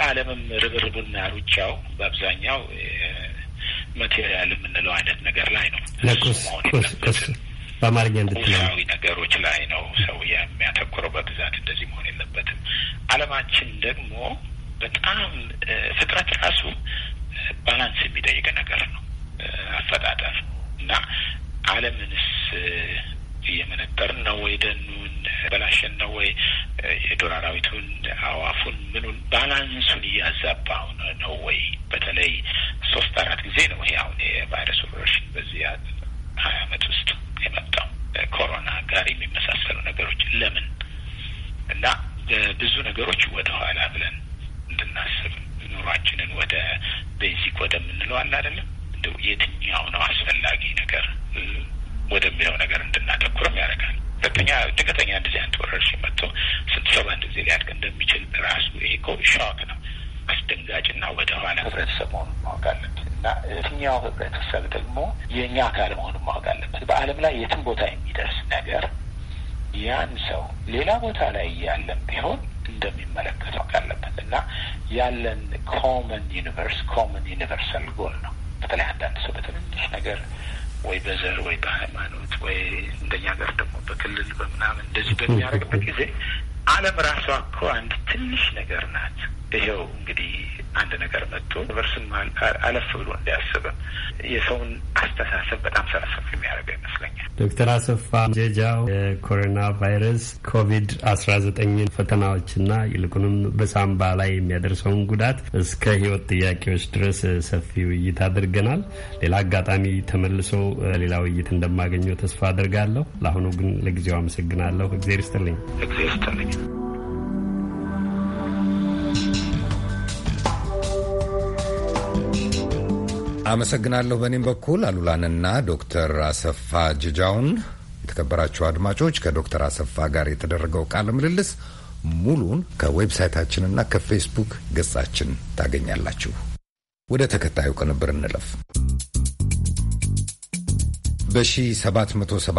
ዓለምም ርብርቡና ሩጫው በአብዛኛው ማቴሪያል የምንለው አይነት ነገር ላይ ነው። በአማርኛ ቁሳዊ ነገሮች ላይ ነው ሰው የሚያተኩረው በብዛት። እንደዚህ መሆን የለበትም። ዓለማችን ደግሞ በጣም ፍጥረት ራሱ ባላንስ የሚጠይቅ ነገር ነው አፈጣጠር እና ዓለምንስ እየመነጠርን ነው ወይ ደኑን በላሸን ነው ወይ የዱር አራዊቱን አዋፉን ምኑን ባላንሱን እያዛባው ነው ወይ? በተለይ ሶስት አራት ጊዜ ነው ይሄ አሁን የቫይረስ ወረርሽኝ በዚህ ሀያ አመት ውስጥ የመጣው ኮሮና ጋር የሚመሳሰሉ ነገሮች ለምን እና ብዙ ነገሮች ወደኋላ ብለን እንድናስብ ኑሯችንን ወደ ቤዚክ ወደምንለው አለ የትኛው ነው አስፈላጊ ነገር ወደሚለው ነገር እንድናተኩርም ያደርጋል። ሁለተኛ ድንገተኛ እንደዚህ አይነት ወረርሽኝ መጥቶ ስንት ሰው በአንድ ጊዜ ሊያድግ እንደሚችል ራሱ ይሄ እኮ ሾክ ነው። አስደንጋጭና ወደኋላ ህብረተሰብ መሆኑን ማወቅ አለበት እና የትኛው ህብረተሰብ ደግሞ የእኛ አካል መሆኑን ማወቅ አለበት። በዓለም ላይ የትም ቦታ የሚደርስ ነገር ያን ሰው ሌላ ቦታ ላይ ያለን ቢሆን እንደሚመለከተው ካለበት እና ያለን ኮመን ዩኒቨርስ ኮመን ዩኒቨርሳል ጎል ነው። በተለይ አንዳንድ ሰው በትንንሽ ነገር ወይ በዘር ወይ በሃይማኖት ወይ እንደኛ ሀገር ደግሞ በክልል በምናምን እንደዚህ በሚያደርግበት ጊዜ ዓለም ራሷ እኮ አንድ ትንሽ ነገር ናት። ይሄው እንግዲህ አንድ ነገር መጥቶ በርስም አለፍ ብሎ እንዲያስብ የሰውን አስተሳሰብ በጣም ሰላሰፍ የሚያደርገ ይመስለኛል። ዶክተር አሰፋ ጀጃው የኮሮና ቫይረስ ኮቪድ አስራ ዘጠኝን ፈተናዎችና ይልቁንም በሳምባ ላይ የሚያደርሰውን ጉዳት እስከ ህይወት ጥያቄዎች ድረስ ሰፊ ውይይት አድርገናል። ሌላ አጋጣሚ ተመልሶ ሌላ ውይይት እንደማገኘው ተስፋ አድርጋለሁ። ለአሁኑ ግን ለጊዜው አመሰግናለሁ። እግዜር ይስጥልኝ። እግዜር ይስጥልኝ። አመሰግናለሁ። በእኔም በኩል አሉላንና ዶክተር አሰፋ ጅጃውን። የተከበራችሁ አድማጮች ከዶክተር አሰፋ ጋር የተደረገው ቃለ ምልልስ ሙሉን ከዌብሳይታችንና ከፌስቡክ ገጻችን ታገኛላችሁ። ወደ ተከታዩ ቅንብር እንለፍ። በ1771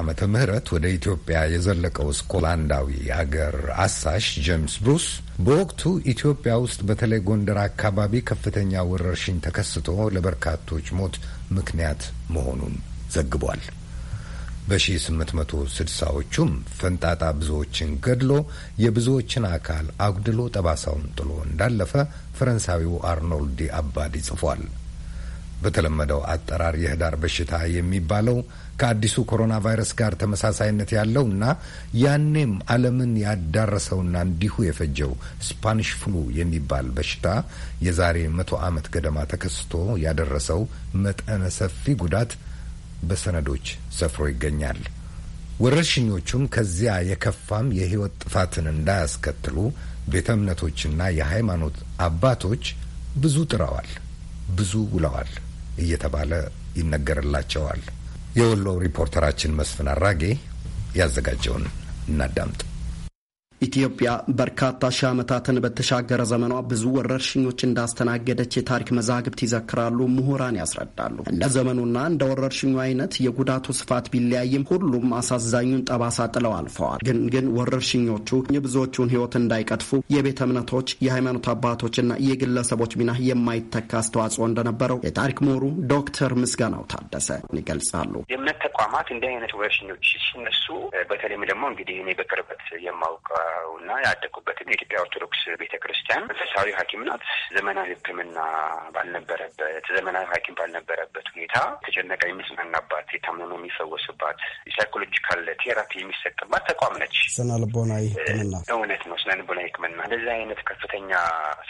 ዓመተ ምህረት ወደ ኢትዮጵያ የዘለቀው ስኮላንዳዊ አገር አሳሽ ጄምስ ብሩስ በወቅቱ ኢትዮጵያ ውስጥ በተለይ ጎንደር አካባቢ ከፍተኛ ወረርሽኝ ተከስቶ ለበርካቶች ሞት ምክንያት መሆኑን ዘግቧል። በ1860ዎቹም ፈንጣጣ ብዙዎችን ገድሎ የብዙዎችን አካል አጉድሎ ጠባሳውን ጥሎ እንዳለፈ ፈረንሳዊው አርኖልድ አባዲ ጽፏል። በተለመደው አጠራር የህዳር በሽታ የሚባለው ከአዲሱ ኮሮና ቫይረስ ጋር ተመሳሳይነት ያለው እና ያኔም ዓለምን ያዳረሰውና እንዲሁ የፈጀው ስፓኒሽ ፍሉ የሚባል በሽታ የዛሬ መቶ ዓመት ገደማ ተከስቶ ያደረሰው መጠነ ሰፊ ጉዳት በሰነዶች ሰፍሮ ይገኛል። ወረርሽኞቹም ከዚያ የከፋም የህይወት ጥፋትን እንዳያስከትሉ ቤተ እምነቶችና የሃይማኖት አባቶች ብዙ ጥረዋል፣ ብዙ ውለዋል። እየተባለ ይነገርላቸዋል። የወሎ ሪፖርተራችን መስፍን አራጌ ያዘጋጀውን እናዳምጥ። ኢትዮጵያ በርካታ ሺህ ዓመታትን በተሻገረ ዘመኗ ብዙ ወረርሽኞች እንዳስተናገደች የታሪክ መዛግብት ይዘክራሉ፣ ምሁራን ያስረዳሉ። እንደ ዘመኑና እንደ ወረርሽኙ አይነት የጉዳቱ ስፋት ቢለያይም ሁሉም አሳዛኙን ጠባሳ ጥለው አልፈዋል። ግን ግን ወረርሽኞቹ የብዙዎቹን ሕይወት እንዳይቀጥፉ የቤተ እምነቶች፣ የሃይማኖት አባቶችና የግለሰቦች ሚና የማይተካ አስተዋጽኦ እንደነበረው የታሪክ ምሁሩ ዶክተር ምስጋናው ታደሰ ይገልጻሉ። የእምነት ተቋማት እንዲህ አይነት ወረርሽኞች ሲነሱ በተለይም ደግሞ እንግዲህ እኔ በቅርበት የማውቀ እና ያደጉበትም የኢትዮጵያ ኦርቶዶክስ ቤተ ክርስቲያን መንፈሳዊ ሐኪም ናት። ዘመናዊ ሕክምና ባልነበረበት ዘመናዊ ሐኪም ባልነበረበት ሁኔታ የተጨነቀ የሚጽናናባት፣ የታመመ የሚፈወስባት፣ ሳይኮሎጂካል ቴራፒ የሚሰጥባት ተቋም ነች። ስነ ልቦናዊ ሕክምና እውነት ነው። ስነ ልቦናዊ ሕክምና እንደዚህ አይነት ከፍተኛ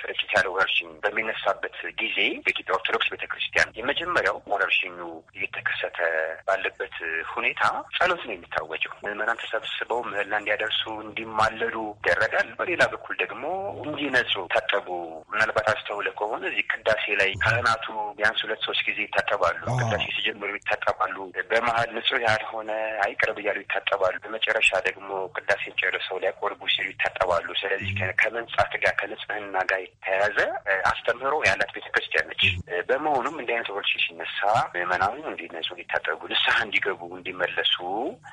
ስርጭት ያለው ወረርሽኝ በሚነሳበት ጊዜ በኢትዮጵያ ኦርቶዶክስ ቤተ ክርስቲያን የመጀመሪያው ወረርሽኙ እየተከሰተ ባለበት ሁኔታ ጸሎት ነው የሚታወጀው። ምዕመናን ተሰብስበው ምህላ እንዲያደርሱ እንዲማለ እንዲረዱ ይደረጋል። በሌላ በኩል ደግሞ እንዲነጹ ታጠቡ። ምናልባት አስተውለ ከሆነ እዚህ ቅዳሴ ላይ ካህናቱ ቢያንስ ሁለት ሶስት ጊዜ ይታጠባሉ። ቅዳሴ ሲጀምሩ ይታጠባሉ። በመሀል ንጹህ ያልሆነ አይቅረብ እያሉ ይታጠባሉ። በመጨረሻ ደግሞ ቅዳሴን ጨርሰው ሊያቆርቡ ሲሉ ይታጠባሉ። ስለዚህ ከመንጻት ጋር ከንጽህና ጋር የተያያዘ አስተምህሮ ያላት ቤተክርስቲያን ነች። በመሆኑም እንዲህ አይነት ወልሽ ሲነሳ ምዕመናኑ እንዲነጹ፣ እንዲታጠቡ፣ ንስሐ እንዲገቡ፣ እንዲመለሱ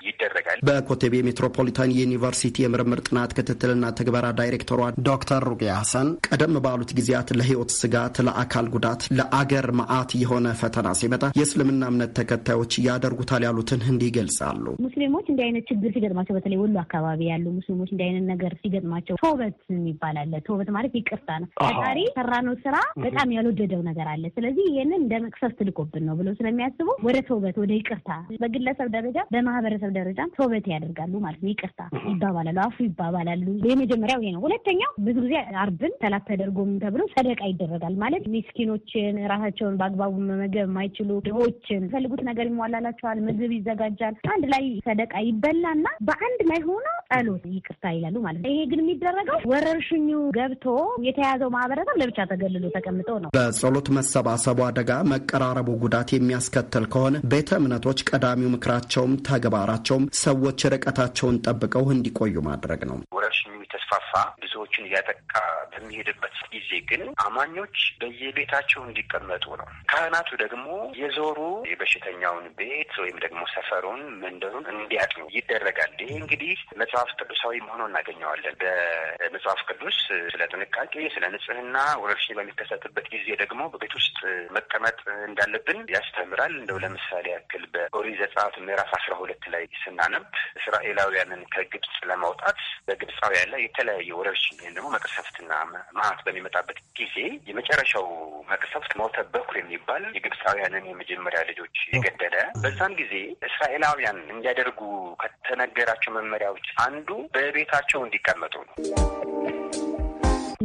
ይደረጋል። በኮተቤ ሜትሮፖሊታን ዩኒቨርሲቲ የምርምር ጥናት የጥናት ክትትልና ትግበራ ዳይሬክተሯ ዶክተር ሩቅያ ሀሰን ቀደም ባሉት ጊዜያት ለህይወት ስጋት፣ ለአካል ጉዳት፣ ለአገር መዓት የሆነ ፈተና ሲመጣ የእስልምና እምነት ተከታዮች ያደርጉታል ያሉትን እንዲህ ይገልጻሉ። ሙስሊሞች እንዲህ አይነት ችግር ሲገጥማቸው በተለይ ወሎ አካባቢ ያሉ ሙስሊሞች እንዲህ አይነት ነገር ሲገጥማቸው ተውበት የሚባል አለ። ተውበት ማለት ይቅርታ ነው። ፈጣሪ ሰራነው ስራ በጣም ያልወደደው ነገር አለ። ስለዚህ ይህንን እንደ መቅሰፍ ትልቆብን ነው ብሎ ስለሚያስቡ ወደ ቶበት ወደ ይቅርታ በግለሰብ ደረጃ በማህበረሰብ ደረጃ ቶበት ያደርጋሉ ማለት ነው። ይቅርታ ይባባላሉ፣ አፉ ይባባል ይባባላሉ። የመጀመሪያው ይሄ ነው። ሁለተኛው ብዙ ጊዜ አርብን ሰላት ተደርጎም ተብሎ ሰደቃ ይደረጋል። ማለት ሚስኪኖችን ራሳቸውን በአግባቡ መመገብ የማይችሉ ድሆችን ፈልጉት ነገር ይሟላላቸዋል። ምግብ ይዘጋጃል። አንድ ላይ ሰደቃ ይበላና በአንድ ላይ ሆኖ ጸሎት ይቅርታ ይላሉ ማለት ነው። ይሄ ግን የሚደረገው ወረርሽኙ ገብቶ የተያዘው ማህበረሰብ ለብቻ ተገልሎ ተቀምጦ ነው። በጸሎት መሰባሰቡ አደጋ፣ መቀራረቡ ጉዳት የሚያስከትል ከሆነ ቤተ እምነቶች ቀዳሚው ምክራቸውም ተግባራቸውም ሰዎች ርቀታቸውን ጠብቀው እንዲቆዩ ማድረግ ነው። ወረርሽኙ የተስፋፋ ብዙዎችን እያጠቃ በሚሄድበት ጊዜ ግን አማኞች በየቤታቸው እንዲቀመጡ ነው። ካህናቱ ደግሞ የዞሩ የበሽተኛውን ቤት ወይም ደግሞ ሰፈሩን፣ መንደሩን እንዲያጥኑ ይደረጋል። ይሄ እንግዲህ መጽሐፍ ቅዱሳዊ መሆኑን እናገኘዋለን። በመጽሐፍ ቅዱስ ስለ ጥንቃቄ፣ ስለ ንጽህና፣ ወረርሽኝ በሚከሰትበት ጊዜ ደግሞ በቤት ውስጥ መቀመጥ እንዳለብን ያስተምራል። እንደው ለምሳሌ ያክል በኦሪት ዘጸአት ምዕራፍ አስራ ሁለት ላይ ስናነብ እስራኤላውያንን ከግብጽ ለማውጣት በግብፃውያን ላይ የተለያየ ወረርሽኝ ወይም ደግሞ መቅሰፍትና መዓት በሚመጣበት ጊዜ የመጨረሻው መቅሰፍት ሞተ በኩር የሚባል የግብፃውያንን የመጀመሪያ ልጆች የገደለ በዛን ጊዜ እስራኤላውያን እንዲያደርጉ ከተነገራቸው መመሪያዎች አንዱ በቤታቸው እንዲቀመጡ ነው።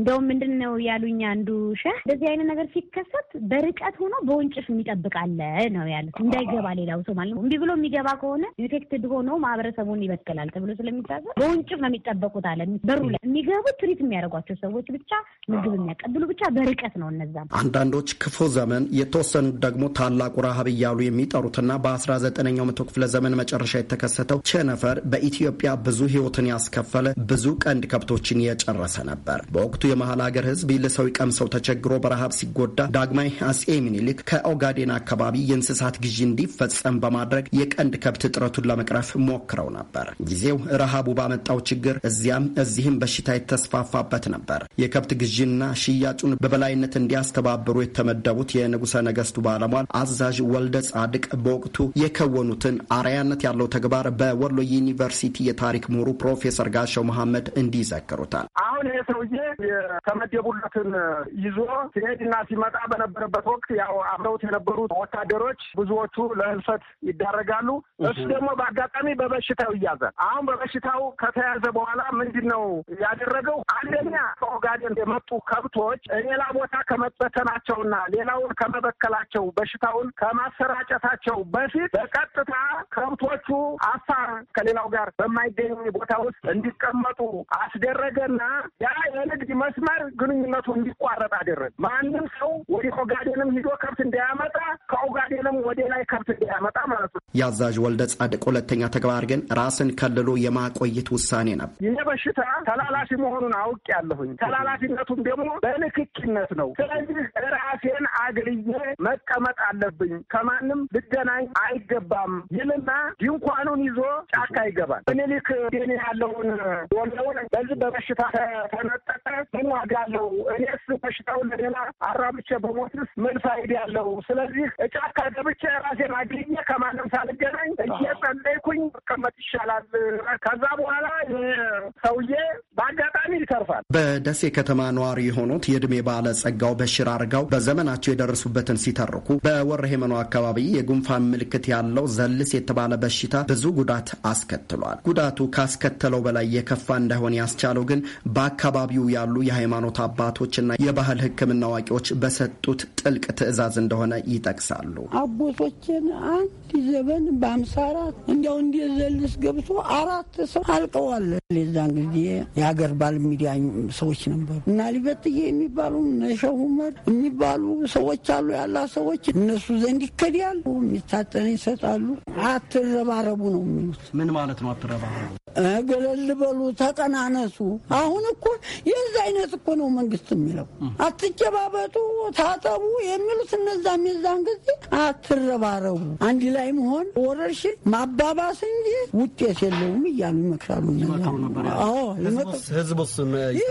እንደውም ምንድን ነው ያሉኝ አንዱ ሸህ እንደዚህ አይነት ነገር ሲከሰት በርቀት ሆኖ በወንጭፍ የሚጠብቃለ ነው ያሉት። እንዳይገባ ሌላው ሰው ማለት ነው። እምቢ ብሎ የሚገባ ከሆነ ኢንፌክትድ ሆኖ ማህበረሰቡን ይበክላል ተብሎ ስለሚታሰብ በወንጭፍ ነው የሚጠበቁት አለ። በሩ ላይ የሚገቡት ትሪት የሚያደርጓቸው ሰዎች ብቻ፣ ምግብ የሚያቀብሉ ብቻ፣ በርቀት ነው እነዛ። አንዳንዶች ክፉ ዘመን፣ የተወሰኑ ደግሞ ታላቁ ረሃብ እያሉ የሚጠሩትና በአስራ ዘጠነኛው መቶ ክፍለ ዘመን መጨረሻ የተከሰተው ቸነፈር በኢትዮጵያ ብዙ ህይወትን ያስከፈለ ብዙ ቀንድ ከብቶችን የጨረሰ ነበር በወቅቱ የመሀል ሀገር ህዝብ ልሰው ቀምሰው ተቸግሮ በረሃብ ሲጎዳ ዳግማይ አጼ ሚኒሊክ ከኦጋዴን አካባቢ የእንስሳት ግዢ እንዲፈጸም በማድረግ የቀንድ ከብት እጥረቱን ለመቅረፍ ሞክረው ነበር። ጊዜው ረሃቡ ባመጣው ችግር እዚያም እዚህም በሽታ የተስፋፋበት ነበር። የከብት ግዢና ሽያጩን በበላይነት እንዲያስተባብሩ የተመደቡት የንጉሠ ነገሥቱ ባለሟል አዛዥ ወልደ ጻድቅ በወቅቱ የከወኑትን አርያነት ያለው ተግባር በወሎ ዩኒቨርሲቲ የታሪክ ምሁሩ ፕሮፌሰር ጋሻው መሐመድ እንዲህ ይዘክሩታል። አሁን ይሄ ሰውዬ የተመደቡለትን ይዞ ሲሄድና ሲመጣ በነበረበት ወቅት ያው አብረውት የነበሩት ወታደሮች ብዙዎቹ ለህልፈት ይዳረጋሉ። እሱ ደግሞ በአጋጣሚ በበሽታው ይያዛል። አሁን በበሽታው ከተያዘ በኋላ ምንድን ነው ያደረገው? አንደኛ ከኦጋዴን የመጡ ከብቶች ሌላ ቦታ ከመበተናቸውና ሌላውን ከመበከላቸው በሽታውን ከማሰራጨታቸው በፊት በቀጥታ ከብቶቹ አፋር ከሌላው ጋር በማይገኝ ቦታ ውስጥ እንዲቀመጡ አስደረገና ያ የንግድ መስመር ግንኙነቱ እንዲቋረጥ አደረግ። ማንም ሰው ወደ ኦጋዴንም ሂዶ ከብት እንዳያመጣ ከኦጋዴንም ወደ ላይ ከብት እንዳያመጣ ማለት ነው። የአዛዥ ወልደ ጻድቅ ሁለተኛ ተግባር ግን ራስን ከልሎ የማቆየት ውሳኔ ነበር። ይህ በሽታ ተላላፊ መሆኑን አውቅ ያለሁኝ ተላላፊነቱም ደግሞ በንክኪነት ነው። ስለዚህ ራሴን አግልዬ መቀመጥ አለብኝ። ከማንም ልገናኝ አይገባም ይልና ድንኳኑን ይዞ ጫካ ይገባል። ምኒልክ ያለውን ወለውን በዚህ በበሽታ ተነጠቀ። ምን ዋጋ አለው? እኔስ በሽታው ለሌላ አራብቼ በሞትስ ምን ፋይዳ አለው? ስለዚህ ጫካ ገብቼ ራሴን አግኘ ከማንም ሳልገናኝ እየጸለይኩኝ መቀመጥ ይሻላል። ከዛ በኋላ ሰውዬ በአጋጣሚ ይተርፋል። በደሴ ከተማ ነዋሪ የሆኑት ባለ ባለጸጋው በሽር አርጋው በዘመናቸው የደረሱበትን ሲተርኩ በወረ ሄመኖ አካባቢ የጉንፋን ምልክት ያለው ዘልስ የተባለ በሽታ ብዙ ጉዳት አስከትሏል። ጉዳቱ ካስከተለው በላይ የከፋ እንዳይሆን ያስቻለው ግን በአካባቢው ያሉ የሃይማኖት አባቶችና የባህል ሕክምና አዋቂዎች በሰጡት ጥልቅ ትዕዛዝ እንደሆነ ይጠቅሳሉ። አቦቶችን አንድ ዘበን በአምሳ አራት እንዲያው ዘልስ ገብቶ አራት ሰው አልቀዋል። የዛን ጊዜ የሀገር ባል ሚዲያ ሰዎች ነበሩ እና ሊበትዬ የሚባሉ ነሸው የሚባሉ ሰዎች አሉ። ያላ ሰዎች እነሱ ዘንድ ይከዳሉ። የሚታጠን ይሰጣሉ። አትረባረቡ ነው የሚሉት። ምን ማለት ነው አትረባረቡ? ገለል በሉ፣ ተቀናነሱ። አሁን እኮ የዛ አይነት አመጽ እኮ ነው መንግስት የሚለው። አትጨባበጡ፣ ታጠቡ የሚሉት እነዛ የዛን ጊዜ አትረባረቡ፣ አንድ ላይ መሆን ወረርሽን ማባባስ እንጂ ውጤት የለውም እያሉ ይመክራሉ።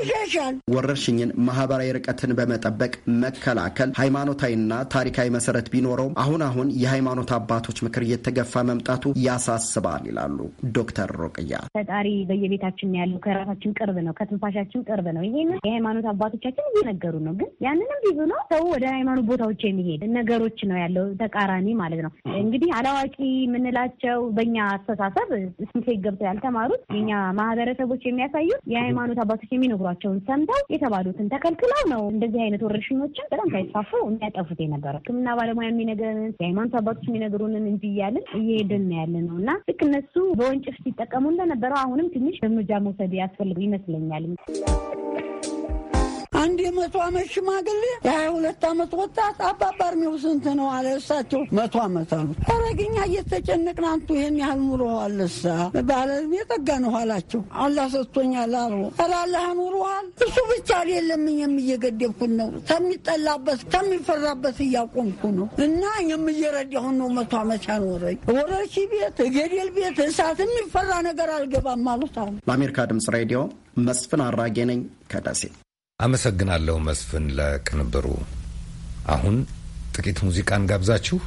ይሸሻል። ወረርሽኝን ማህበራዊ ርቀትን በመጠበቅ መከላከል ሃይማኖታዊና ታሪካዊ መሰረት ቢኖረውም አሁን አሁን የሃይማኖት አባቶች ምክር እየተገፋ መምጣቱ ያሳስባል ይላሉ ዶክተር ሮቅያ። ፈጣሪ በየቤታችን ያሉ ከራሳችን ቅርብ ነው፣ ከትንፋሻችን ቅርብ ነው። ይህንን የሃይማኖት አባቶቻችን እየነገሩ ነው። ግን ያንንም ቢዙ ነው ሰው ወደ ሃይማኖት ቦታዎች የሚሄድ ነገሮች ነው ያለው ተቃራኒ ማለት ነው። እንግዲህ አላዋቂ የምንላቸው በእኛ አስተሳሰብ ስንቴ ገብተው ያልተማሩት የኛ ማህበረሰቦች የሚያሳዩት የሃይማኖት አባቶች የሚነግሯቸውን ሰምተው የተባሉትን ተከልክለው ነው እንደዚህ አይነት ወረርሽኞችን በጣም ሳይስፋፉ የሚያጠፉት የነበረው። ሕክምና ባለሙያ የሚነግረንን የሃይማኖት አባቶች የሚነግሩንን እንጂ እያልን እየሄድን ያለ ነው እና ልክ እነሱ በወንጭፍ ሲጠቀሙ እንደነበረው አሁንም ትንሽ እርምጃ መውሰድ ያስፈልግ ይመስለኛል። አንድ የመቶ ዓመት ሽማግሌ የሀያ ሁለት ዓመት ወጣት አባባር እድሜው ስንት ነው አለ። እሳቸው መቶ ዓመት አሉ። ረግኛ እኛ እየተጨነቅን አንቱ ይህን ያህል ኑሮ አለሳ ባለ የጠጋ ነው አላቸው። አላ ሰጥቶኛል አሉ። ኧረ ኑሮሃል እሱ ብቻ አይደለም የምየገደብኩት ነው ከሚጠላበት ከሚፈራበት እያቆምኩ ነው እና የምየረዳሁን ነው መቶ ዓመት ያኖረኝ ወረሺ ቤት ገደል ቤት እሳት የሚፈራ ነገር አልገባም አሉት አሉ። ለአሜሪካ ድምጽ ሬዲዮ መስፍን አራጌ ነኝ ከደሴ። አመሰግናለሁ መስፍን ለቅንብሩ። አሁን ጥቂት ሙዚቃን ጋብዛችሁ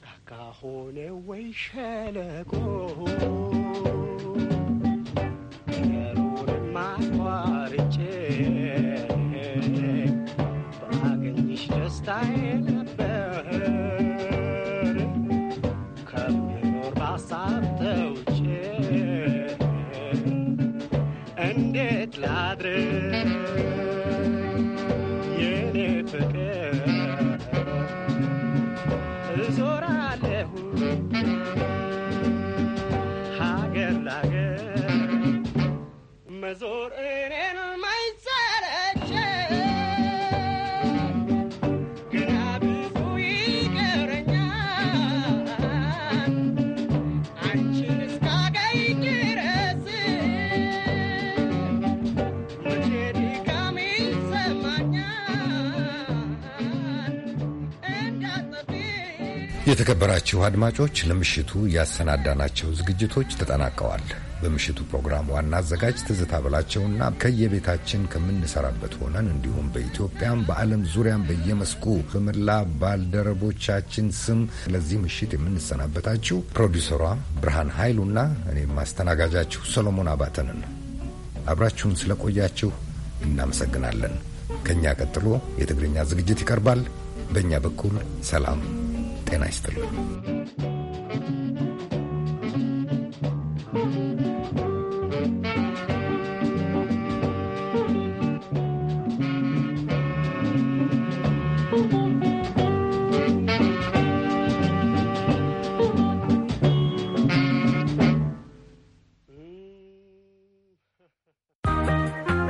ጫካ ሆነ ወይ ሸለቆ የኔ ፍቅር እዞራለሁ ሀገር ላገር መዞር የተከበራችሁ አድማጮች ለምሽቱ ያሰናዳናቸው ዝግጅቶች ተጠናቀዋል። በምሽቱ ፕሮግራም ዋና አዘጋጅ ትዝታ ብላቸውና ከየቤታችን ከምንሰራበት ሆነን እንዲሁም በኢትዮጵያም በዓለም ዙሪያም በየመስኩ በመላ ባልደረቦቻችን ስም ለዚህ ምሽት የምንሰናበታችሁ ፕሮዲውሰሯ ብርሃን ኃይሉና እኔም ማስተናጋጃችሁ ሰሎሞን አባተንን አብራችሁን ስለቆያችሁ እናመሰግናለን። ከእኛ ቀጥሎ የትግርኛ ዝግጅት ይቀርባል። በእኛ በኩል ሰላም てない人。